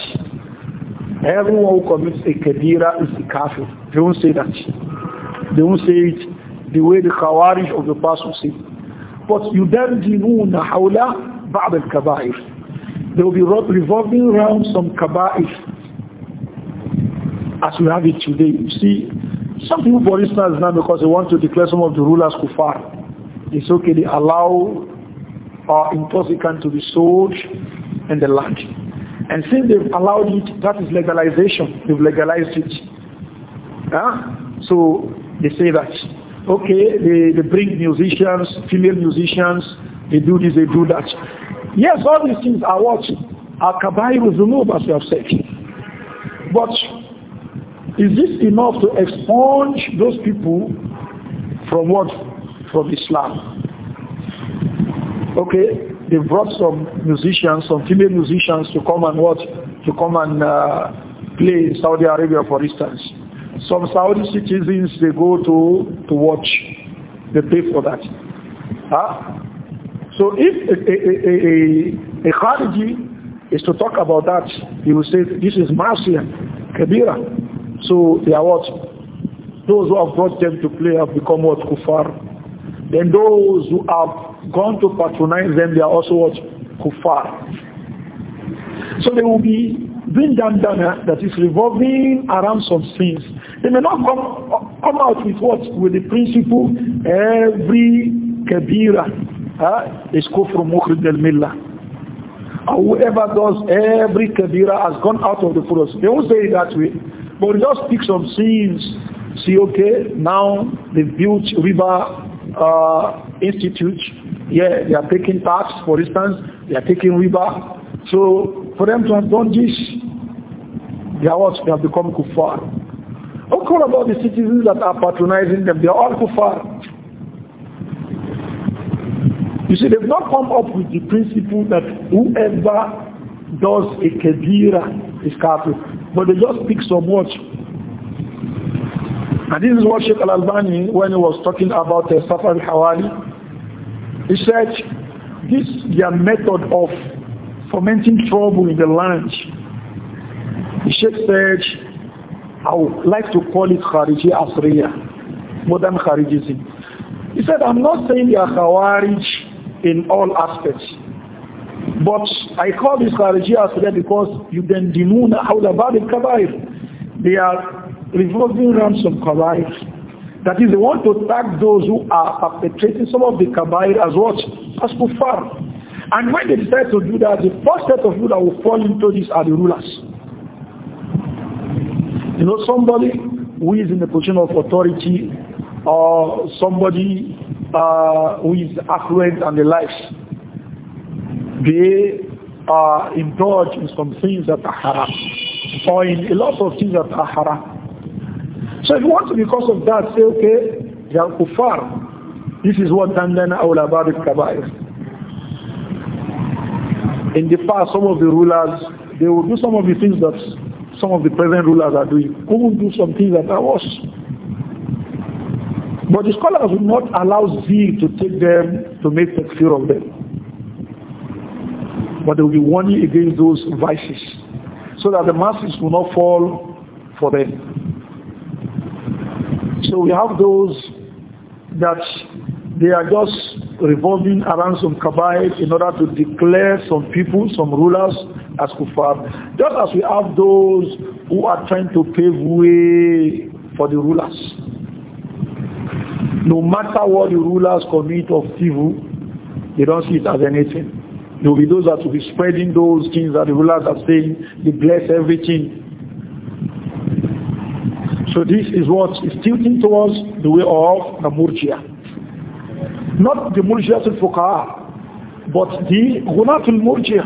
everyone who commits a kabira is a kafir. They won't say that. They won't say it the way the khawarij of the past will say. But you يُدَرْجِنُونَ حَوْلَ al الْكَبَائِرِ They will be revolving around some kaba'ir as we have it today. You see, some people, for instance, now because they want to declare some of the rulers kufar, it's okay, they allow uh, intoxicant to be sold in the land. And since they've allowed it, that is legalization. They've legalized it. Huh? So they say that, okay, they, they bring musicians, female musicians, they do this, they do that. Yes, all these things are what? Are kabairu zunub, as we have said. But is this enough to expunge those people from what? From Islam. Okay, they brought some musicians, some female musicians to come and watch, to come and uh, play in Saudi Arabia, for instance. Some Saudi citizens, they go to, to watch. They pay for that. Huh? So if a, a, a, a, a Khariji is to talk about that, he will say, this is Marcian, Kabira. So they are what? Those who have brought them to play have become what? Kufar. Then those who have gone to patronize them, they are also what? Kufar. So they will be doing dandana that is revolving around some things. They may not come, come out with what? With the principle, every kabira uh, is kufr mukhrij al-millah whoever does every kabira has gone out of the forest. They won't say it that way. But just pick some scenes, see, okay, now they built river uh, institute. Yeah, they are taking tax, for instance, they are taking river. So for them to have done this, they are what? They have become kufar. do call about the citizens that are patronizing them. They are all kufar. You see, they've not come up with the principle that whoever does a kabira is kafir but they just pick some much, And this is what Sheikh Al-Albani, when he was talking about uh, Safar al-Hawali, he said, this their method of fomenting trouble in the land. The Sheikh said, I would like to call it Khariji Asriya, modern Kharijism. He said, I'm not saying they are Khawarij in all aspects. But I call this Kharijiyah today because you then how hawla babil kabair. They are revolving around some kabair. That is, they want to attack those who are perpetrating some of the kabair as what? As kuffar. And when they decide to do that, the first set of people that will fall into this are the rulers. You know, somebody who is in a position of authority or somebody uh, who is affluent and the likes they uh, indulged in some things that are haram or in a lot of things that are haram. So if you want to, because of that, say, okay, they are kuffar. This is what Dandana Awlabad Kabair. In the past, some of the rulers, they will do some of the things that some of the present rulers are doing. Who will do some things that are worse? But the scholars will not allow zeal to take them to make fear of them but they will be warning against those vices so that the masses will not fall for them. So we have those that they are just revolving around some cabal in order to declare some people, some rulers as kufar. Just as we have those who are trying to pave way for the rulers. No matter what the rulers commit of evil, they don't see it as anything. There will be those that will be spreading those things that the rulers are saying, they bless everything. So this is what is tilting towards the way of the Murjia. Not the Murjia al Fuqaha, but the Gulat al Murjia.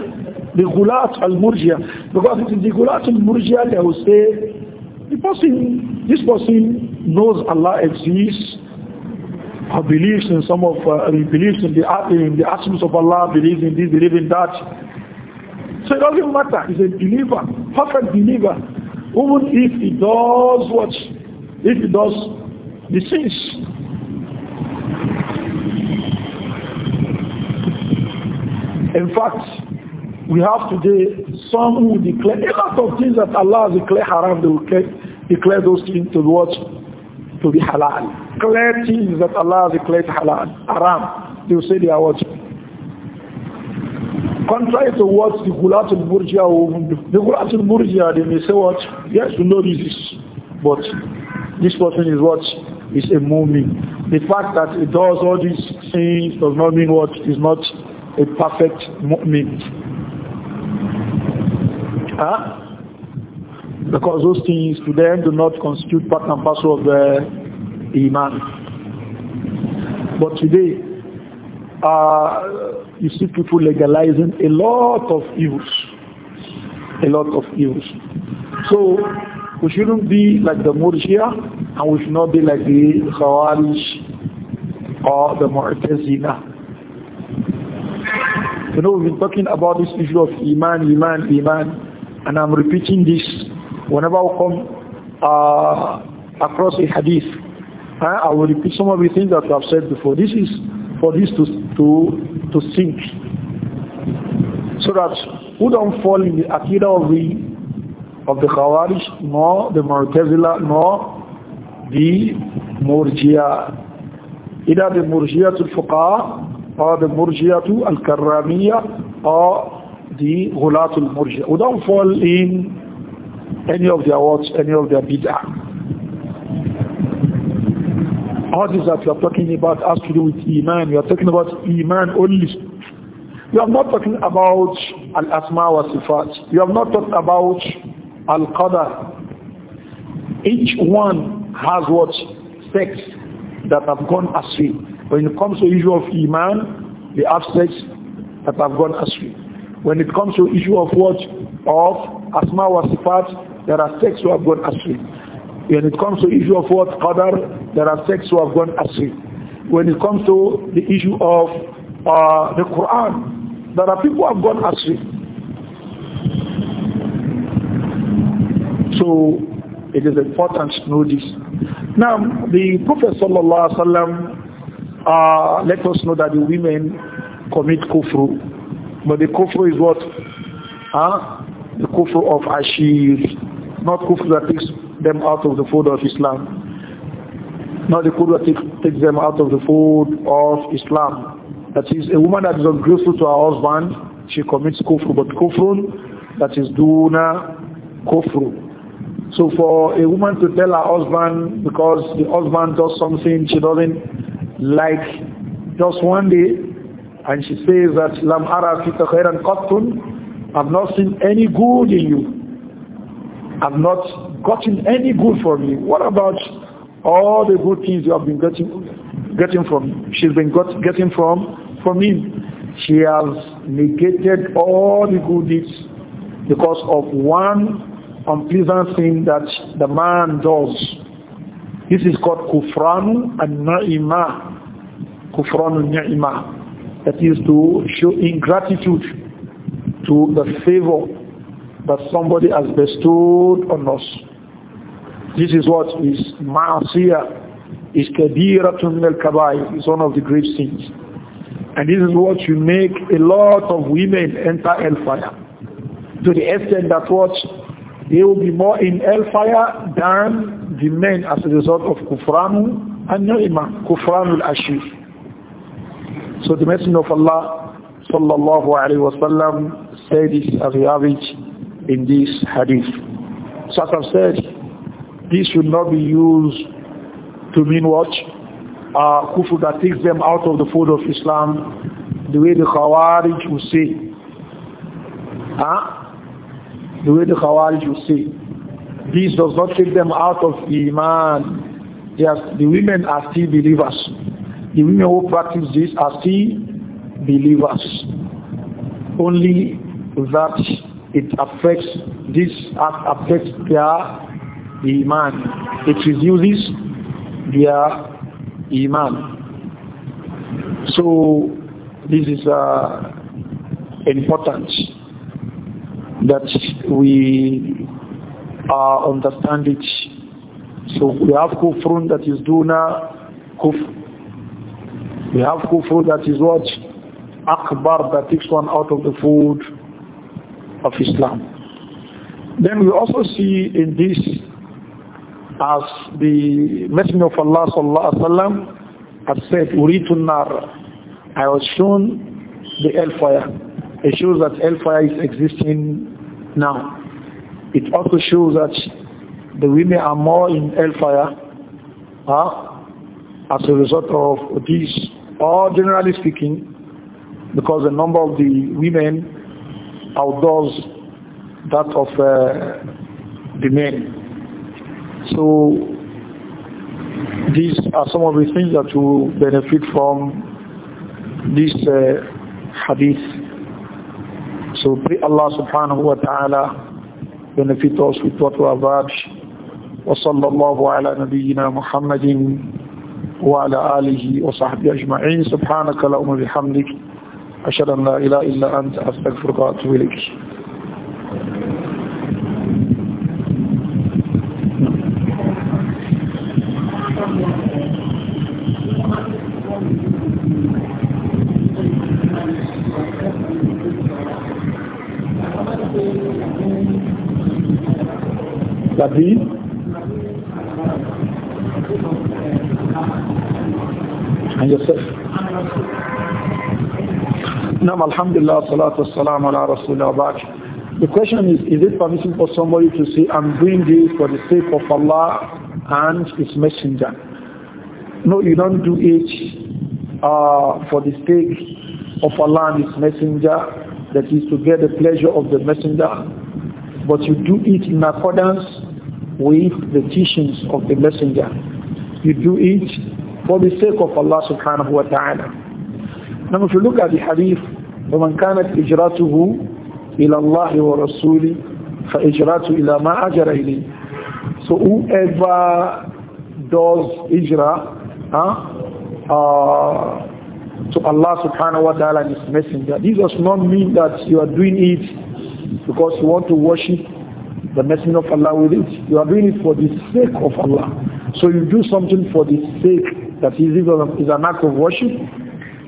The Gulat al Murjia. Because it is the Gulat al Murjia that will say, the person, this person knows Allah exists, who believes in some of, uh, believes in the, in the attributes of Allah, believes in this, believes in that. So it doesn't matter. He's a believer, perfect believer. Even if he does what? If he does the sins. In fact, we have today some who declare a lot of things that Allah has declared haram, they will declare, declare those things to what? To be halal clear things that Allah has declared halal, haram, they will say they are what? Contrary to what the Gulat al-Burjia will do. The Gulat al-Burjia, they may say what? Yes, we know this is, but this person is what? Is a mu'min. The fact that he does all these things does not mean what? Is not a perfect mu'min. Huh? Because those things to them do not constitute part and parcel of the Iman. But today, uh, you see people legalizing a lot of evils. A lot of evils. So, we shouldn't be like the Murjia and we should not be like the Khawarij or the Mu'tazila. You know, we've been talking about this issue of Iman, Iman, Iman, and I'm repeating this whenever I come uh, across a hadith I will repeat some of the things that I've said before. This is for this to, to, to sink. So that we don't fall in the akira of the of the Khawarij, nor the Mu'tazila, nor the Murjia. Either the Murjia to Fuqaha, or the Murjia to Al-Karramiyya, or the Ghulat al-Murjia. We don't fall in any of their words, any of their bid'ah. All this that you are talking about has to do with Iman. You are talking about Iman only. You are not talking about Al-Asma wa Sifat. You have not talked about Al-Qadar. Each one has what? Sex that have gone astray. When it comes to issue of Iman, they have sex that have gone astray. When it comes to issue of what? Of Asma wa Sifat, there are sex who have gone astray. When it comes to issue of what qadar, there are sects who have gone astray. When it comes to the issue of uh, the Quran, there are people who have gone astray. So it is important to know this. Now, the Prophet sallallahu uh, let us know that the women commit kufru. But the kufru is what? Huh? The kufru of ashir. Not kufru that takes them out of the fold of Islam. Not the qudwa takes them out of the fold of Islam. That is, a woman that is ungrateful to her husband, she commits kufr, but kufr, that is duna kufr. So for a woman to tell her husband, because the husband does something she doesn't like, just one day, and she says that, Lam ara fita I've not seen any good in you. I've not gotten any good for me. What about all the good things you have been getting, getting from? She's been got, getting from from him. She has negated all the good deeds because of one unpleasant thing that the man does. This is called kufran and na'ima. Kufran and na'ima. That is to show ingratitude to the favor that somebody has bestowed on us. This is what is ma'asiyah, is kabiratun min al is one of the grave sins. And this is what you make a lot of women enter hellfire. To the extent that what they will be more in hellfire than the men as a result of kufranu and ni'ma, kufranu al-ashif. So the Messenger of Allah sallallahu alayhi wa sallam said this as we have it in this hadith. So as I've said, this should not be used to mean what? Uh, kufr that takes them out of the fold of Islam, the way the Khawarij will say. Huh? The way the Khawarij will say. This does not take them out of the Iman. Yes, the women are still believers. The women who practice this are still believers. Only that it affects, this affects their iman. It reduces their iman. So this is uh, important that we uh, understand it. So we have kufrun that is duna kuf. We have kufr that is what? Akbar that takes one out of the food of Islam. Then we also see in this as the Messenger of Allah sallallahu alaihi wasallam had said, "Uritun nar," I was shown the hellfire. It shows that hellfire is existing now. It also shows that the women are more in hellfire huh, as a result of this, or generally speaking, because the number of the women outdoors that of uh, the men. So these are some of the things that will benefit from this uh, hadith. So pray Allah subhanahu wa ta'ala benefit us with what we have heard. وصلى الله على نبينا محمد وعلى آله وصحبه أجمعين سبحانك اللهم بحمدك أشهد أن لا إله إلا أنت أستغفرك وأتوب إليك Alhamdulillah, salatu ala rasulullah The question is, is it permissible for somebody to say, I'm doing this for the sake of Allah and His Messenger? No, you don't do it uh, for the sake of Allah and His Messenger, that is to get the pleasure of the Messenger, but you do it in accordance with the teachings of the Messenger. You do it for the sake of Allah subhanahu wa ta'ala. Now if you look at the hadith ومن كانت إجراته إلى الله ورسوله فإجراته إلى ما أجر إليه so whoever does Ijra huh, uh, to Allah subhanahu wa ta'ala and his messenger this does not mean that you are doing it because you want to worship the messenger of Allah with it you are doing it for the sake of Allah so you do something for the sake that is, is an act of worship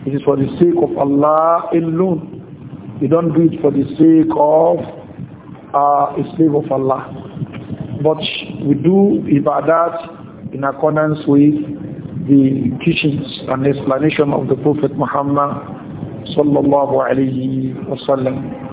it is for the sake of Allah alone. You don't do it for the sake of uh, a slave of Allah. But we do ibadat in accordance with the teachings and explanation of the Prophet Muhammad sallallahu alayhi wa sallam.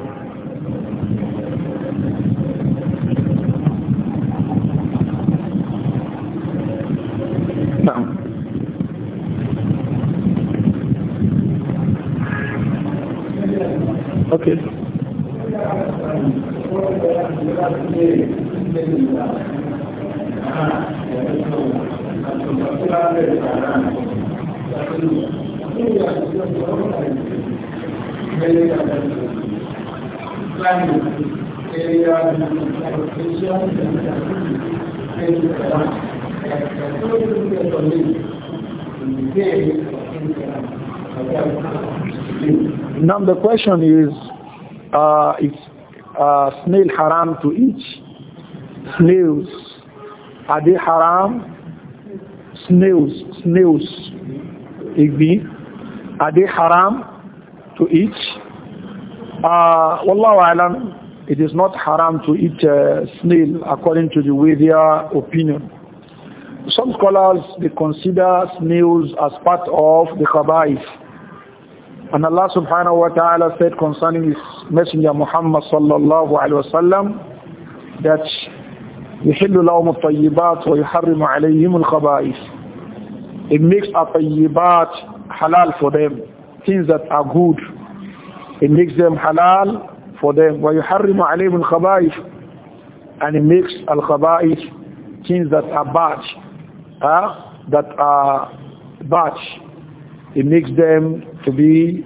Now the question is, uh, is uh, snail haram to eat? Snails, are they haram? Snails, snails, igbi, are they haram to eat? Uh, Wallahu alam, it is not haram to eat uh, snail according to the way opinion some scholars they consider snails as part of the khaba'if. And Allah subhanahu wa ta'ala said concerning his messenger Muhammad sallallahu alayhi wa sallam that يحل لهم الطيبات ويحرم عليهم الخبائث It makes a طيبات halal for them, things that are good. It makes them halal for them. ويحرم عليهم الخبائث And it makes al-khaba'ith things that are bad uh, that are bad. It makes them to be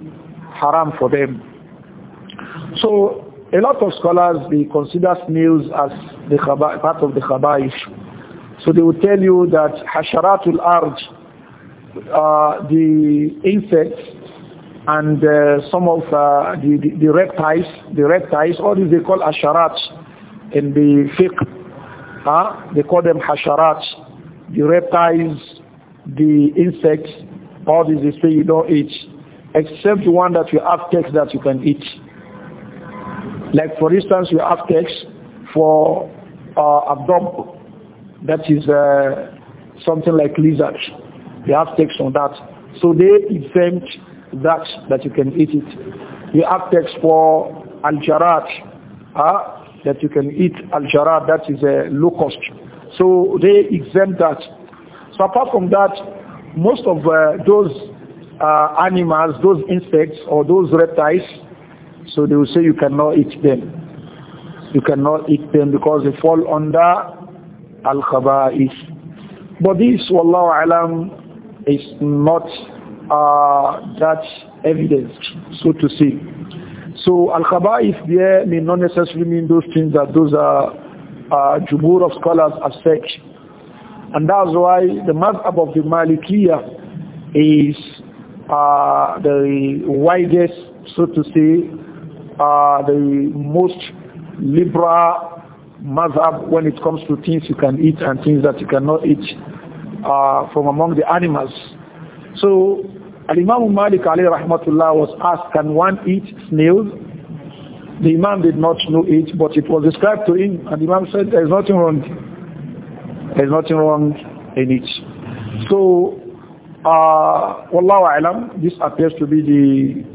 haram for them. So a lot of scholars, they consider snails as the khaba, part of the khabaish. So they will tell you that hasharatul arj, uh, the insects and uh, some of uh, the, the, the, reptiles, the reptiles, all these they call hasharat in the fiqh. Huh? They call them hasharat the reptiles, the insects, all these they say you don't eat, except the one that you have text that you can eat. Like for instance, you have text for uh, dog, that is uh, something like lizard. You have text on that. So they exempt that, that you can eat it. You have text for al-jarat, uh, that you can eat al-jarat, that is a uh, locust so they exempt that. So apart from that, most of uh, those uh, animals, those insects or those reptiles, so they will say you cannot eat them. You cannot eat them because they fall under al-khaba'is. But this, wallahu alam, is not uh, that evidence, so to say. So al-khaba'is there may not necessarily mean those things that those are uh, jumhur of scholars as such, And that's why the madhab of the Malikiya is uh, the widest, so to say, uh, the most liberal madhab when it comes to things you can eat and things that you cannot eat uh, from among the animals. So Al-Imam Malik alayhi rahmatullah was asked, can one eat snails? The Imam did not know it, but it was described to him, and the Imam said, there's nothing wrong. There's nothing wrong in it. So, uh, Alam, this appears to be the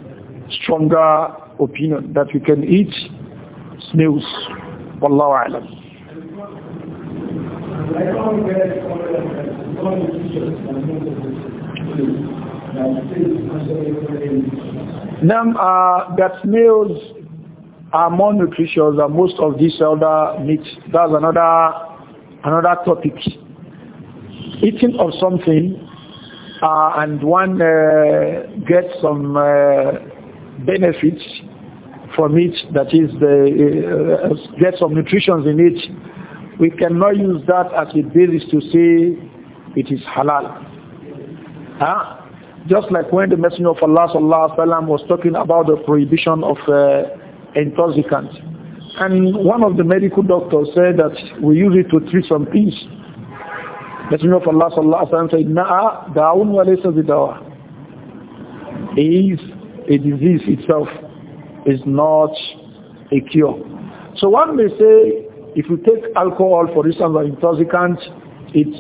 stronger opinion that we can eat snails. Wallahu Alam. Now, uh, that snails are more nutritious than most of these other meats. That's another another topic. Eating of something uh, and one uh, gets some uh, benefits from it, that is, the, uh, uh get some nutrition in it, we cannot use that as a basis to say it is halal. Huh? Just like when the Messenger of Allah was talking about the prohibition of uh, intoxicant. And one of the medical doctors said that we use it to treat some things. Messenger of Allah sallallahu alayhi wa sallam said, Na'a wa Is a disease itself, is not a cure. So one may say, if you take alcohol, for instance, an intoxicant, it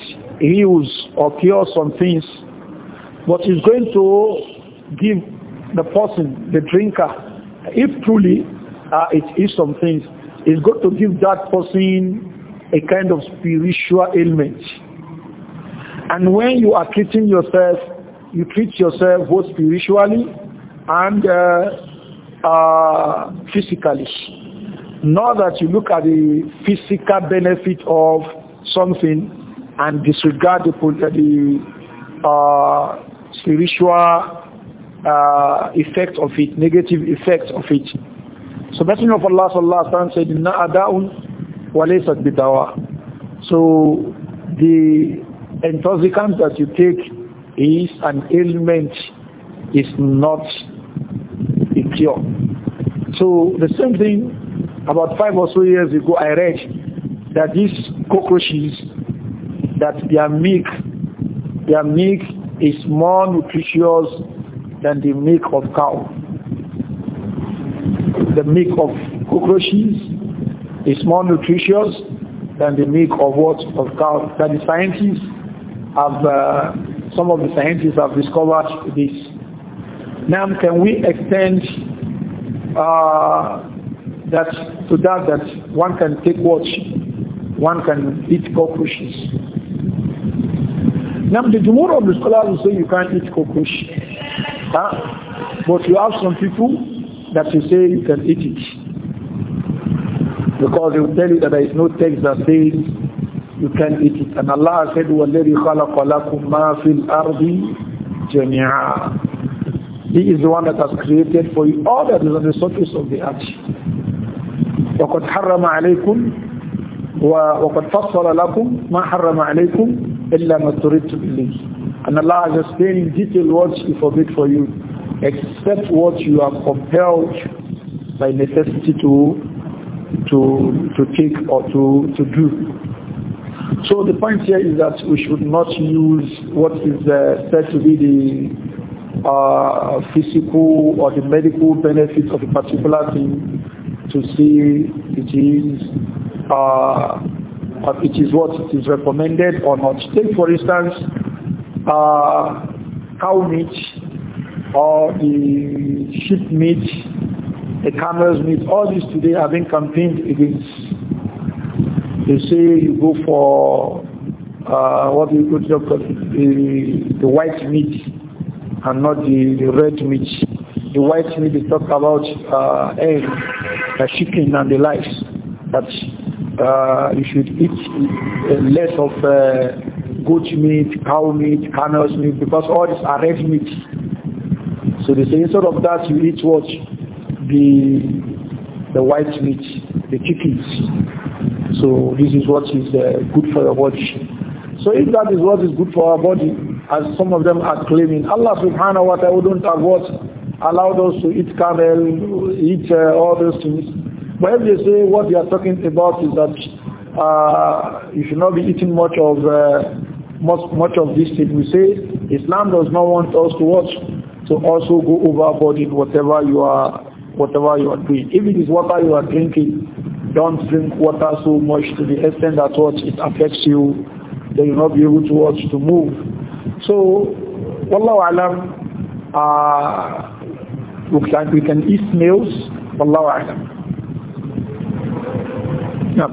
heals or cures some things, but it's going to give the person, the drinker, if truly uh, it is some things, it's good to give that person a kind of spiritual ailment. And when you are treating yourself, you treat yourself both spiritually and uh, uh, physically. Not that you look at the physical benefit of something and disregard the, the uh, spiritual uh, effect of it, negative effect of it. So Messenger of Allah sallallahu alaihi wasallam said, "Inna ada'un walaysat bidawa." So the intoxicant that you take is an ailment, is not a cure. So the same thing about five or so years ago, I read that these cockroaches, that their milk, their milk is more nutritious than the milk of cow the milk of cockroaches is more nutritious than the milk of what of That the scientists have, uh, some of the scientists have discovered this. Now, can we extend uh, that to that that one can take watch, one can eat cockroaches? Now, the tomorrow of the scholars will say you can't eat cockroach, huh? but you have some people that you say you can eat it. Because they will tell you that there is no text that says you can eat it. And Allah said, وَالَّذِي خَلَقَ لَكُم مَا فِي الْأَرْضِ جَمِيعًا He is the one that has created for you all that is on the surface of the earth. وَقَدْ حَرَّمَ عَلَيْكُمْ وَقَدْ فَصَّلَ لَكُمْ مَا حَرَّمَ عَلَيْكُمْ إِلَّا مَا تُرِدْتُمْ إِلَيْهِ And Allah has explained in detail what He forbid for you except what you are compelled by necessity to to to take or to to do. So the point here is that we should not use what is uh, said to be the uh, physical or the medical benefits of a particular thing to see it is uh, it is what it is recommended or not. Take for instance uh, cow meat or the sheep meat, the camel's meat, all these today have been campaigned against. They say you go for uh, what do you call the, the white meat and not the, the red meat. The white meat is talk about uh, egg, uh, chicken and the likes. But uh, you should eat less of uh, goat meat, cow meat, camel's meat because all these are red meat. So they say instead of that you eat what? The, the white meat, the chickens. So this is what is uh, good for your body. So if that is what is good for our body, as some of them are claiming, Allah subhanahu wa ta'ala wouldn't have what allowed us to eat camel, eat uh, all those things. But if they say what they are talking about is that uh, you should not be eating much of uh, much, much of this thing, we say Islam does not want us to watch to also go overboard in whatever you are whatever you are doing. If it is water you are drinking, don't drink water so much to the extent that what it affects you, then you'll not be able to watch to move. So, wallahu alam, uh, looks like we can eat meals, wallahu alam. Yep.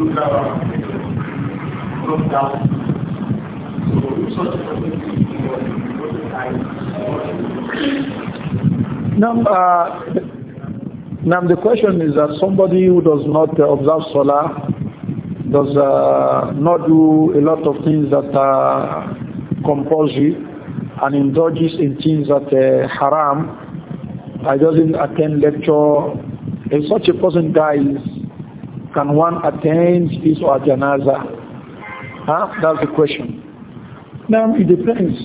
the now, uh, now the question is that somebody who does not uh, observe Salah does uh, not do a lot of things that are uh, compulsory and indulges in things that are uh, haram. I doesn't attend lecture. If such a person dies, can one attend this or janaza? Huh? That's the question. Now it depends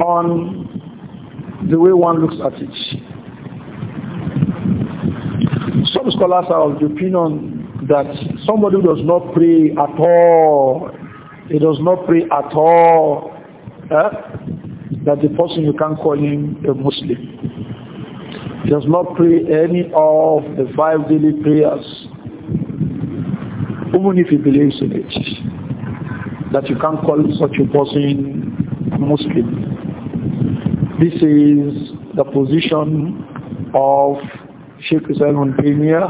on the way one looks at it. Some scholars are of the opinion that somebody who does not pray at all, he does not pray at all, eh? that the person you can call him a Muslim. He does not pray any of the five daily prayers even if he believes in it, that you can't call such a person Muslim. This is the position of Sheikh Salman Premier.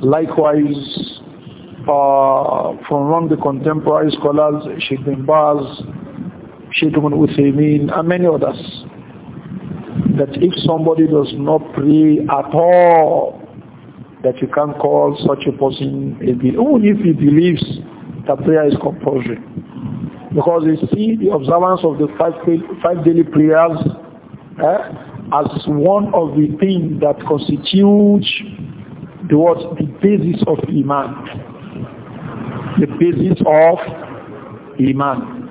Likewise, uh, from among the contemporary scholars, Sheikh bin Baz, Sheikh Ibn Uthaymeen, and many others, that if somebody does not pray at all that you can't call such a person a believer, even if he believes that prayer is compulsory. Because they see the observance of the five, five daily prayers eh, as one of the things that constitutes the, what, the basis of Iman. The basis of Iman.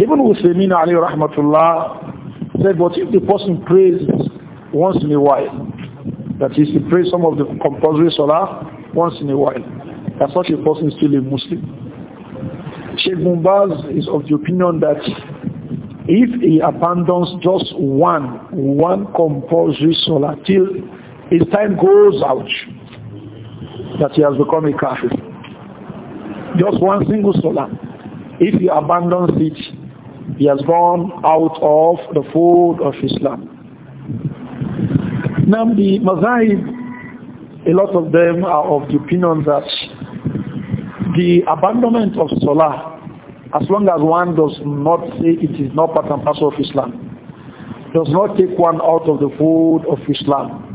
Even Husaymin Ali Rahmatullah said, but if the person prays once in a while, that is to pray some of the compulsory salah once in a while. That such a person is still a Muslim. Sheikh Mumbaz is of the opinion that if he abandons just one, one compulsory salah till his time goes out, that he has become a kafir. Just one single salah. If he abandons it, he has gone out of the fold of Islam. Now the Mazahib, a lot of them are of the opinion that the abandonment of Salah, as long as one does not say it is not part and parcel of Islam, does not take one out of the fold of Islam.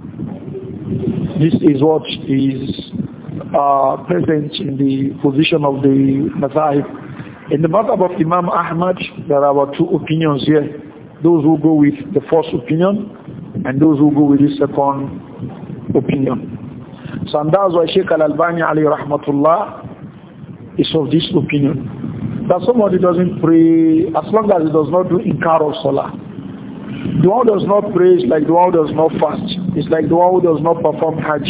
This is what is uh, present in the position of the Mazahib. In the matter of Imam Ahmad, there are two opinions here. Those who go with the first opinion and those who go with this second opinion. So and that's why Sheikh Al-Albani Ali Rahmatullah is of this opinion. That somebody doesn't pray as long as he does not do inkar of salah. The one who does not pray is like the one who does not fast. It's like the one who does not perform hajj.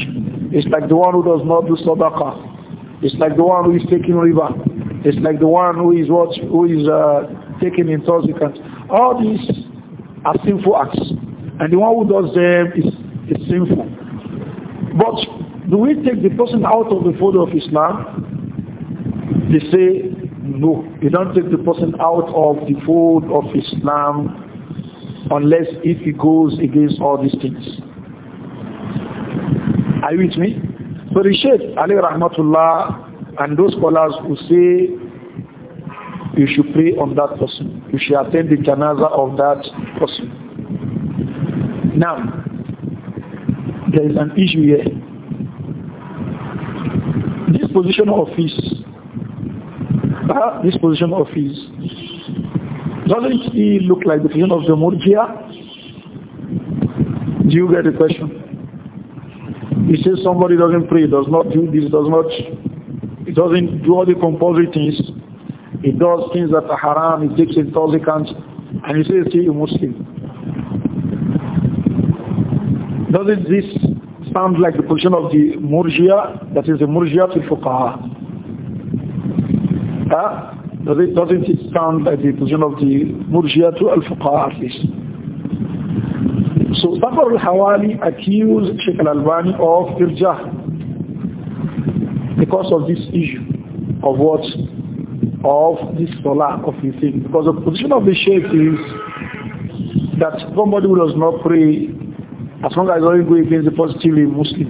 It's like the one who does not do sadaqah. It's like the one who is taking riba. It's like the one who is what who is uh, taking intoxicants. All these are sinful acts and the one who does them is, is sinful. But do we take the person out of the fold of Islam? They say no. You don't take the person out of the fold of Islam unless if he goes against all these things. Are you with me? So the Sheikh Ali Rahmatullah and those scholars who say you should pray on that person, you should attend the janaza of that person. Now, there is an issue here. This position of his, uh, this position of his, doesn't he look like the position of the Murjia? Do you get the question? He says somebody doesn't pray, does not do this, does not, he doesn't do all the compulsory things. he does things that are haram, he takes intoxicants, and he says, see, a Muslim. Doesn't this sound like the position of the Murjia, that is the Murjia to Fuqaha? Huh? Does it, doesn't it sound like the position of the Murjia to Al-Fuqaha at least? So Zafar al-Hawali accused Sheikh al-Albani of irja because of this issue of what? Of this salah of his thing. Because the position of the Sheikh is that somebody who does not pray as long as it doesn't go against the positively Muslim.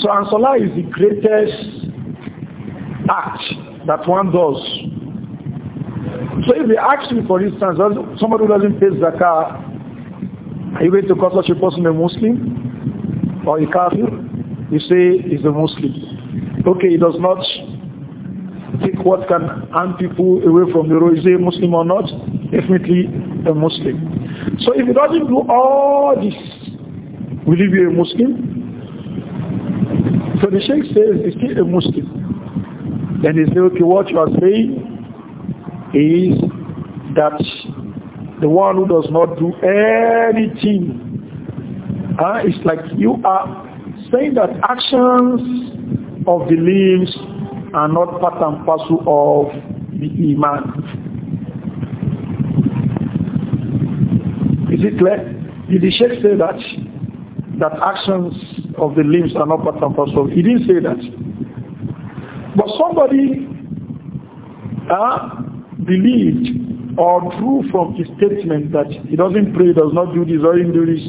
So Ansala is the greatest act that one does. So if they ask me, for instance, somebody who doesn't pay zakah, are you going to call such a person a Muslim or a kafir? You say he's a Muslim. Okay, he does not take what can harm people away from the road. Is he a Muslim or not? Definitely a Muslim. So if he doesn't do all this, will he be a Muslim? So the Sheikh says, is still a Muslim? Then he says, okay, what you are saying is that the one who does not do anything, uh, it's like you are saying that actions of the limbs are not part and parcel of the iman. Is it clear? Did the Sheikh say that? That actions of the limbs are not part and parcel. He didn't say that. But somebody uh, believed or drew from his statement that he doesn't pray, does not do this, doesn't do this,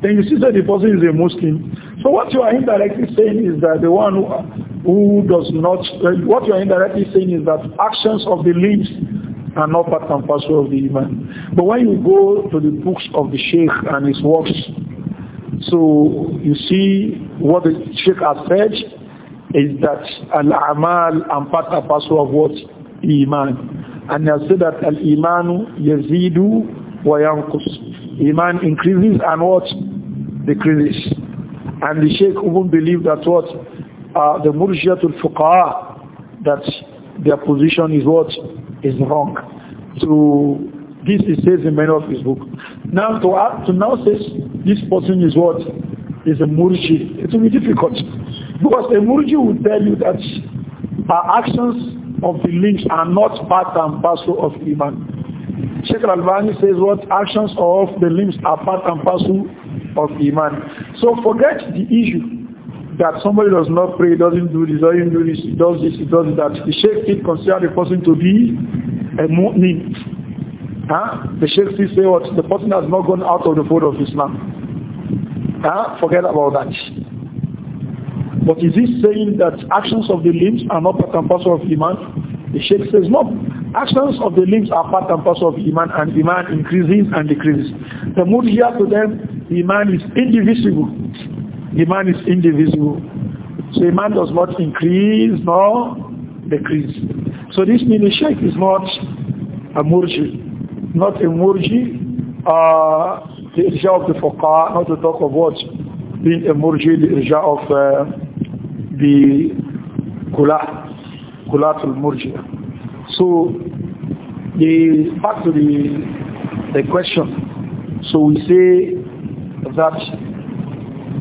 then you see that the person is a Muslim. So what you are indirectly saying is that the one who, who does not, uh, what you are indirectly saying is that actions of the limbs and not part and parcel of the Iman. But when you go to the books of the Sheikh and his works, so you see what the Sheikh has said is that al-amal and part and parcel of what? Iman. And he said that al iman yazidu wa yankus. Iman increases and what? Decreases. And the Sheikh even believed that what? Uh, the murjiatul fuqaha, that their position is what? is wrong. To this he says in many of his books. Now to, add, to now say this person is what? Is a murji. It will be difficult. Because a murji will tell you that our actions of the limbs are not part and parcel of Iman. Sheikh Al-Bani says what actions of the limbs are part and parcel of Iman. So forget the issue that somebody does not pray, doesn't do this, doesn't do this, he does this, he does that. The Sheikh did consider the person to be a mu'min. Huh? The Sheikh still say what? The person has not gone out of the fold of Islam. Huh? Forget about that. But is he saying that actions of the limbs are not part and parcel of Iman? The Sheikh says no. Actions of the limbs are part and parcel of Iman and Iman increases and decreases. The mood here to them, Iman is indivisible. Demand is indivisible. So demand does not increase nor decrease. So this mini sheikh is not a murji, not a murji, uh, the irja of the fuqah, not to talk of what being a murji, the irja of uh, the kulah, kulat murji So the back to the the question. So we say that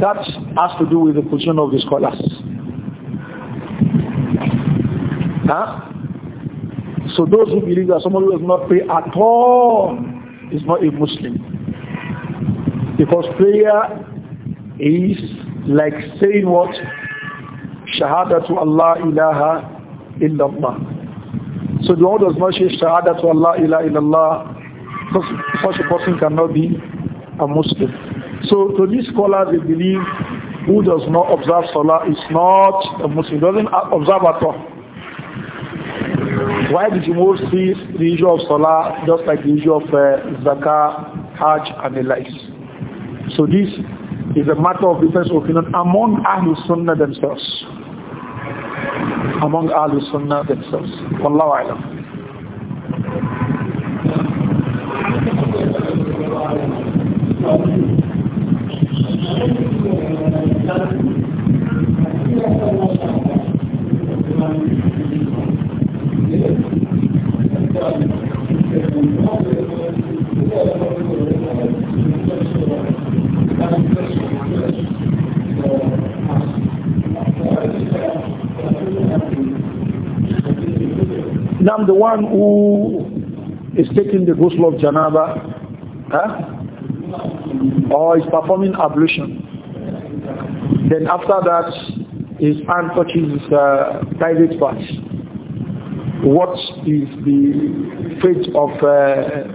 that has to do with the position of the scholars. Huh? So those who believe that someone who does not pray at all is not a Muslim. Because prayer is like saying what? Shahada to Allah ilaha illallah. So the one does not say Shahada to Allah ilaha illallah, such a person cannot be a Muslim. So to these scholars, they believe who does not observe Salah is not a Muslim, doesn't observe at all. Why did you most see the issue of Salah just like the issue of uh, Zakah, Hajj and the likes? So this is a matter of difference of opinion among Ahlul Sunnah themselves. Among Ahlul Sunnah themselves. Wallahu Alam. Thank now the one who is taking the ghusl of janaba, huh? or is performing ablution. Then after that, his hand touches his uh, private part. What is the fate of uh,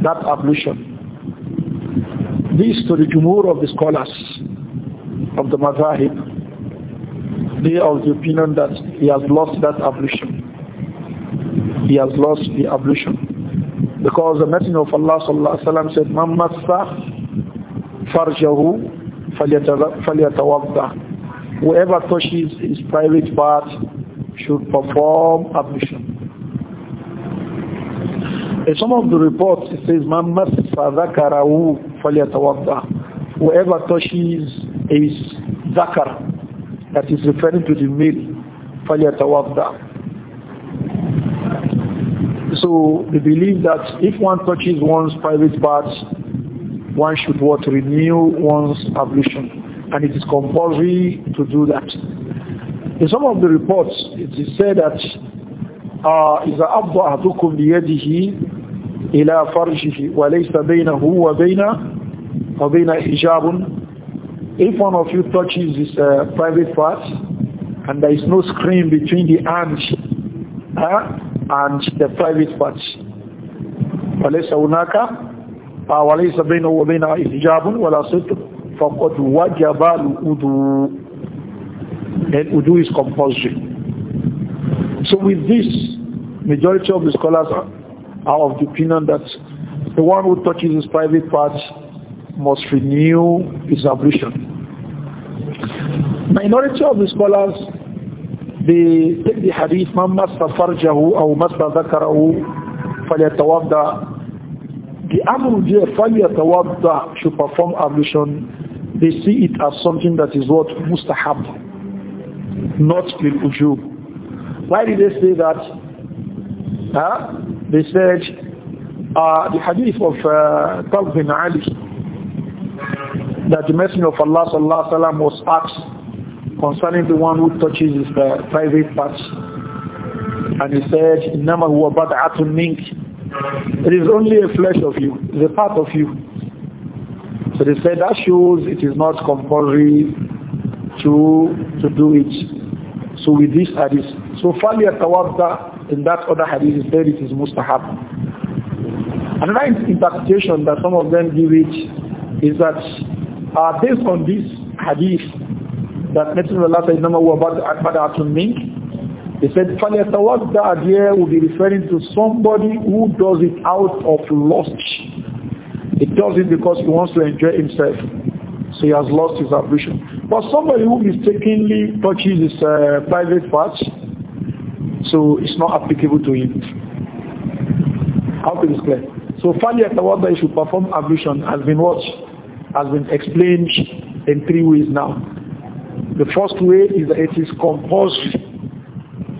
that ablution? This to the jumhur of the scholars of the mazahib, they are of the opinion that he has lost that ablution. He has lost the ablution. Because the Messenger of Allah sallallahu said, "Mammasa massa farjahu فَلْيَتَوَضَّ Whoever touches his private part should perform ablution. In some of the reports, it says, مَنْ مَسَّ Whoever touches his zakar, that is referring to the male, فَلْيَتَوَضَّ So we believe that if one touches one's private parts, one should to renew one's ablution and it is compulsory to do that in some of the reports it is said that uh, إذا أبضى أحدكم بيده إلى فرجه وليس بينه وبين وبين حجاب if one of you touches his uh, private part and there is no screen between the hand uh, and the private part فَلَيْسَ هناك وليس بينه وبينها إحجاب ولا ستر فقد وجب الوضوء and wudu is compulsory. So with this, majority of the scholars are of the opinion that the one who touches his private parts must renew his ablution. Minority of the scholars, they take the hadith, مَنْ مَسْتَ فَرْجَهُ أَوْ مَسْتَ ذَكَرَهُ فَلْيَتَوَضَّ the Amru Tawadda should perform ablution. They see it as something that is what mustahab, not lil ujub. Why did they say that? Huh? They said uh, the hadith of uh, Talb bin Ali that the Messenger of Allah sallallahu alaihi wasallam was asked concerning the one who touches his uh, private parts, and he said, "Innama huwa bad'atun mink." It is only a flesh of you, the part of you. So they said that shows it is not compulsory to to do it. So with this hadith, so falia tawadda in that other hadith is said it is mustahab. Another interpretation that some of them give it is that uh, based on this hadith that Messenger of Allah said, "Nama wa he said, that here will be referring to somebody who does it out of lust. He does it because he wants to enjoy himself. So he has lost his ambition. But somebody who mistakenly touches his uh, private parts, so it's not applicable to him. How to explain? So فَلْيَتَوَضَّعَ he should perform ablution has been what? Has been explained in three ways now. The first way is that it is compulsory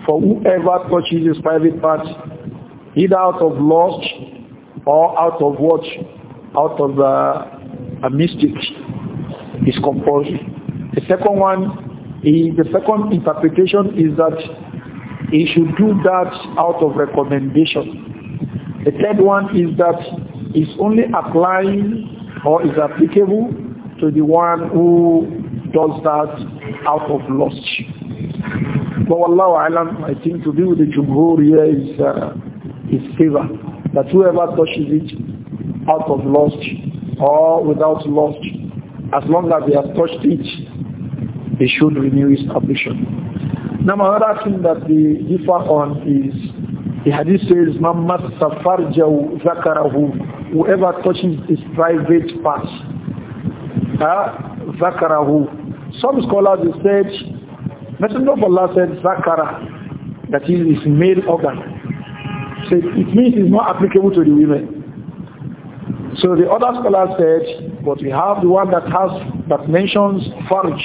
for whoever touches his private parts, either out of lust or out of what? Out of uh, a mystic is compulsory. The second one, is, the second interpretation is that he should do that out of recommendation. The third one is that it's only applying or is applicable to the one who does that out of lust. But Allah alam, I think to be with the Jumhur here is, uh, is favor. That whoever touches it out of lust or without lust, as long as they have touched it, they should renew his ablution. Now another thing that they differ on is the hadith says, Mammat Safarjahu Zakarahu, whoever touches his private parts, uh, Zakarahu. Some scholars have said Messenger of Allah said, Zakara, that is his male organ. So it means it's not applicable to the women. So the other scholar said, but we have the one that has that mentions farj.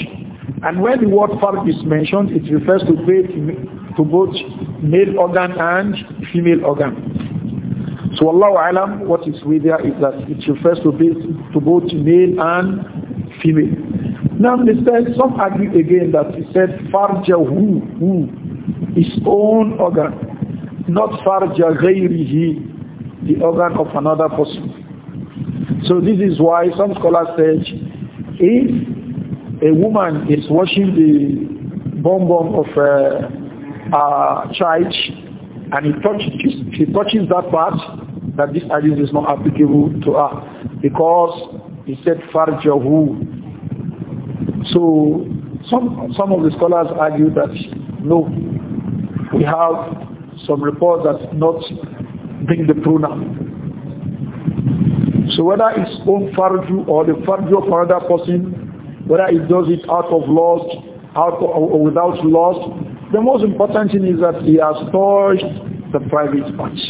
And when the word farj is mentioned, it refers to both, to both male organ and female organ. So Allah alam, what is with there is that it refers to both, to both male and female. Now they said, some argue again that he said farjahu, is his own organ, not farja the organ of another person. So this is why some scholars said, if a woman is washing the bum bum of a, uh, a child and he touches, she touches that part, that this argument is not applicable to her because he said farjahu so some some of the scholars argue that no, we have some reports that not bring the pronoun. So whether it's own farju or the farju of another person, whether it does it out of lust, out of, or without lust, the most important thing is that he has touched the private parts.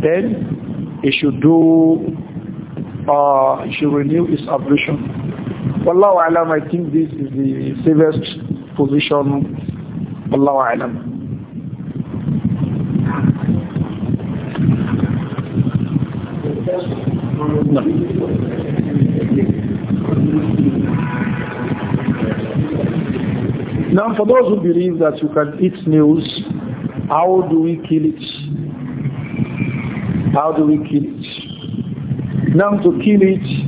Then he should do, uh, he should renew his ablution Wallahu alam, I think this is the safest position. Wallahu alam. No. Now, for those who believe that you can eat snails, how do we kill it? How do we kill it? Now, to kill it,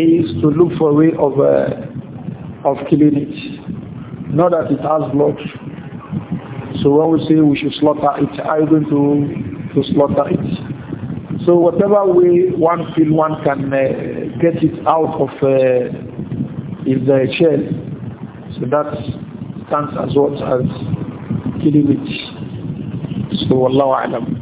is to look for a way of, uh, of killing it. Not that it has blood. So when we say we should slaughter it, are you going to, to slaughter it? So whatever way one feel one can uh, get it out of uh, the uh, shell, so that stands as what well as killing it. So Allah Alam.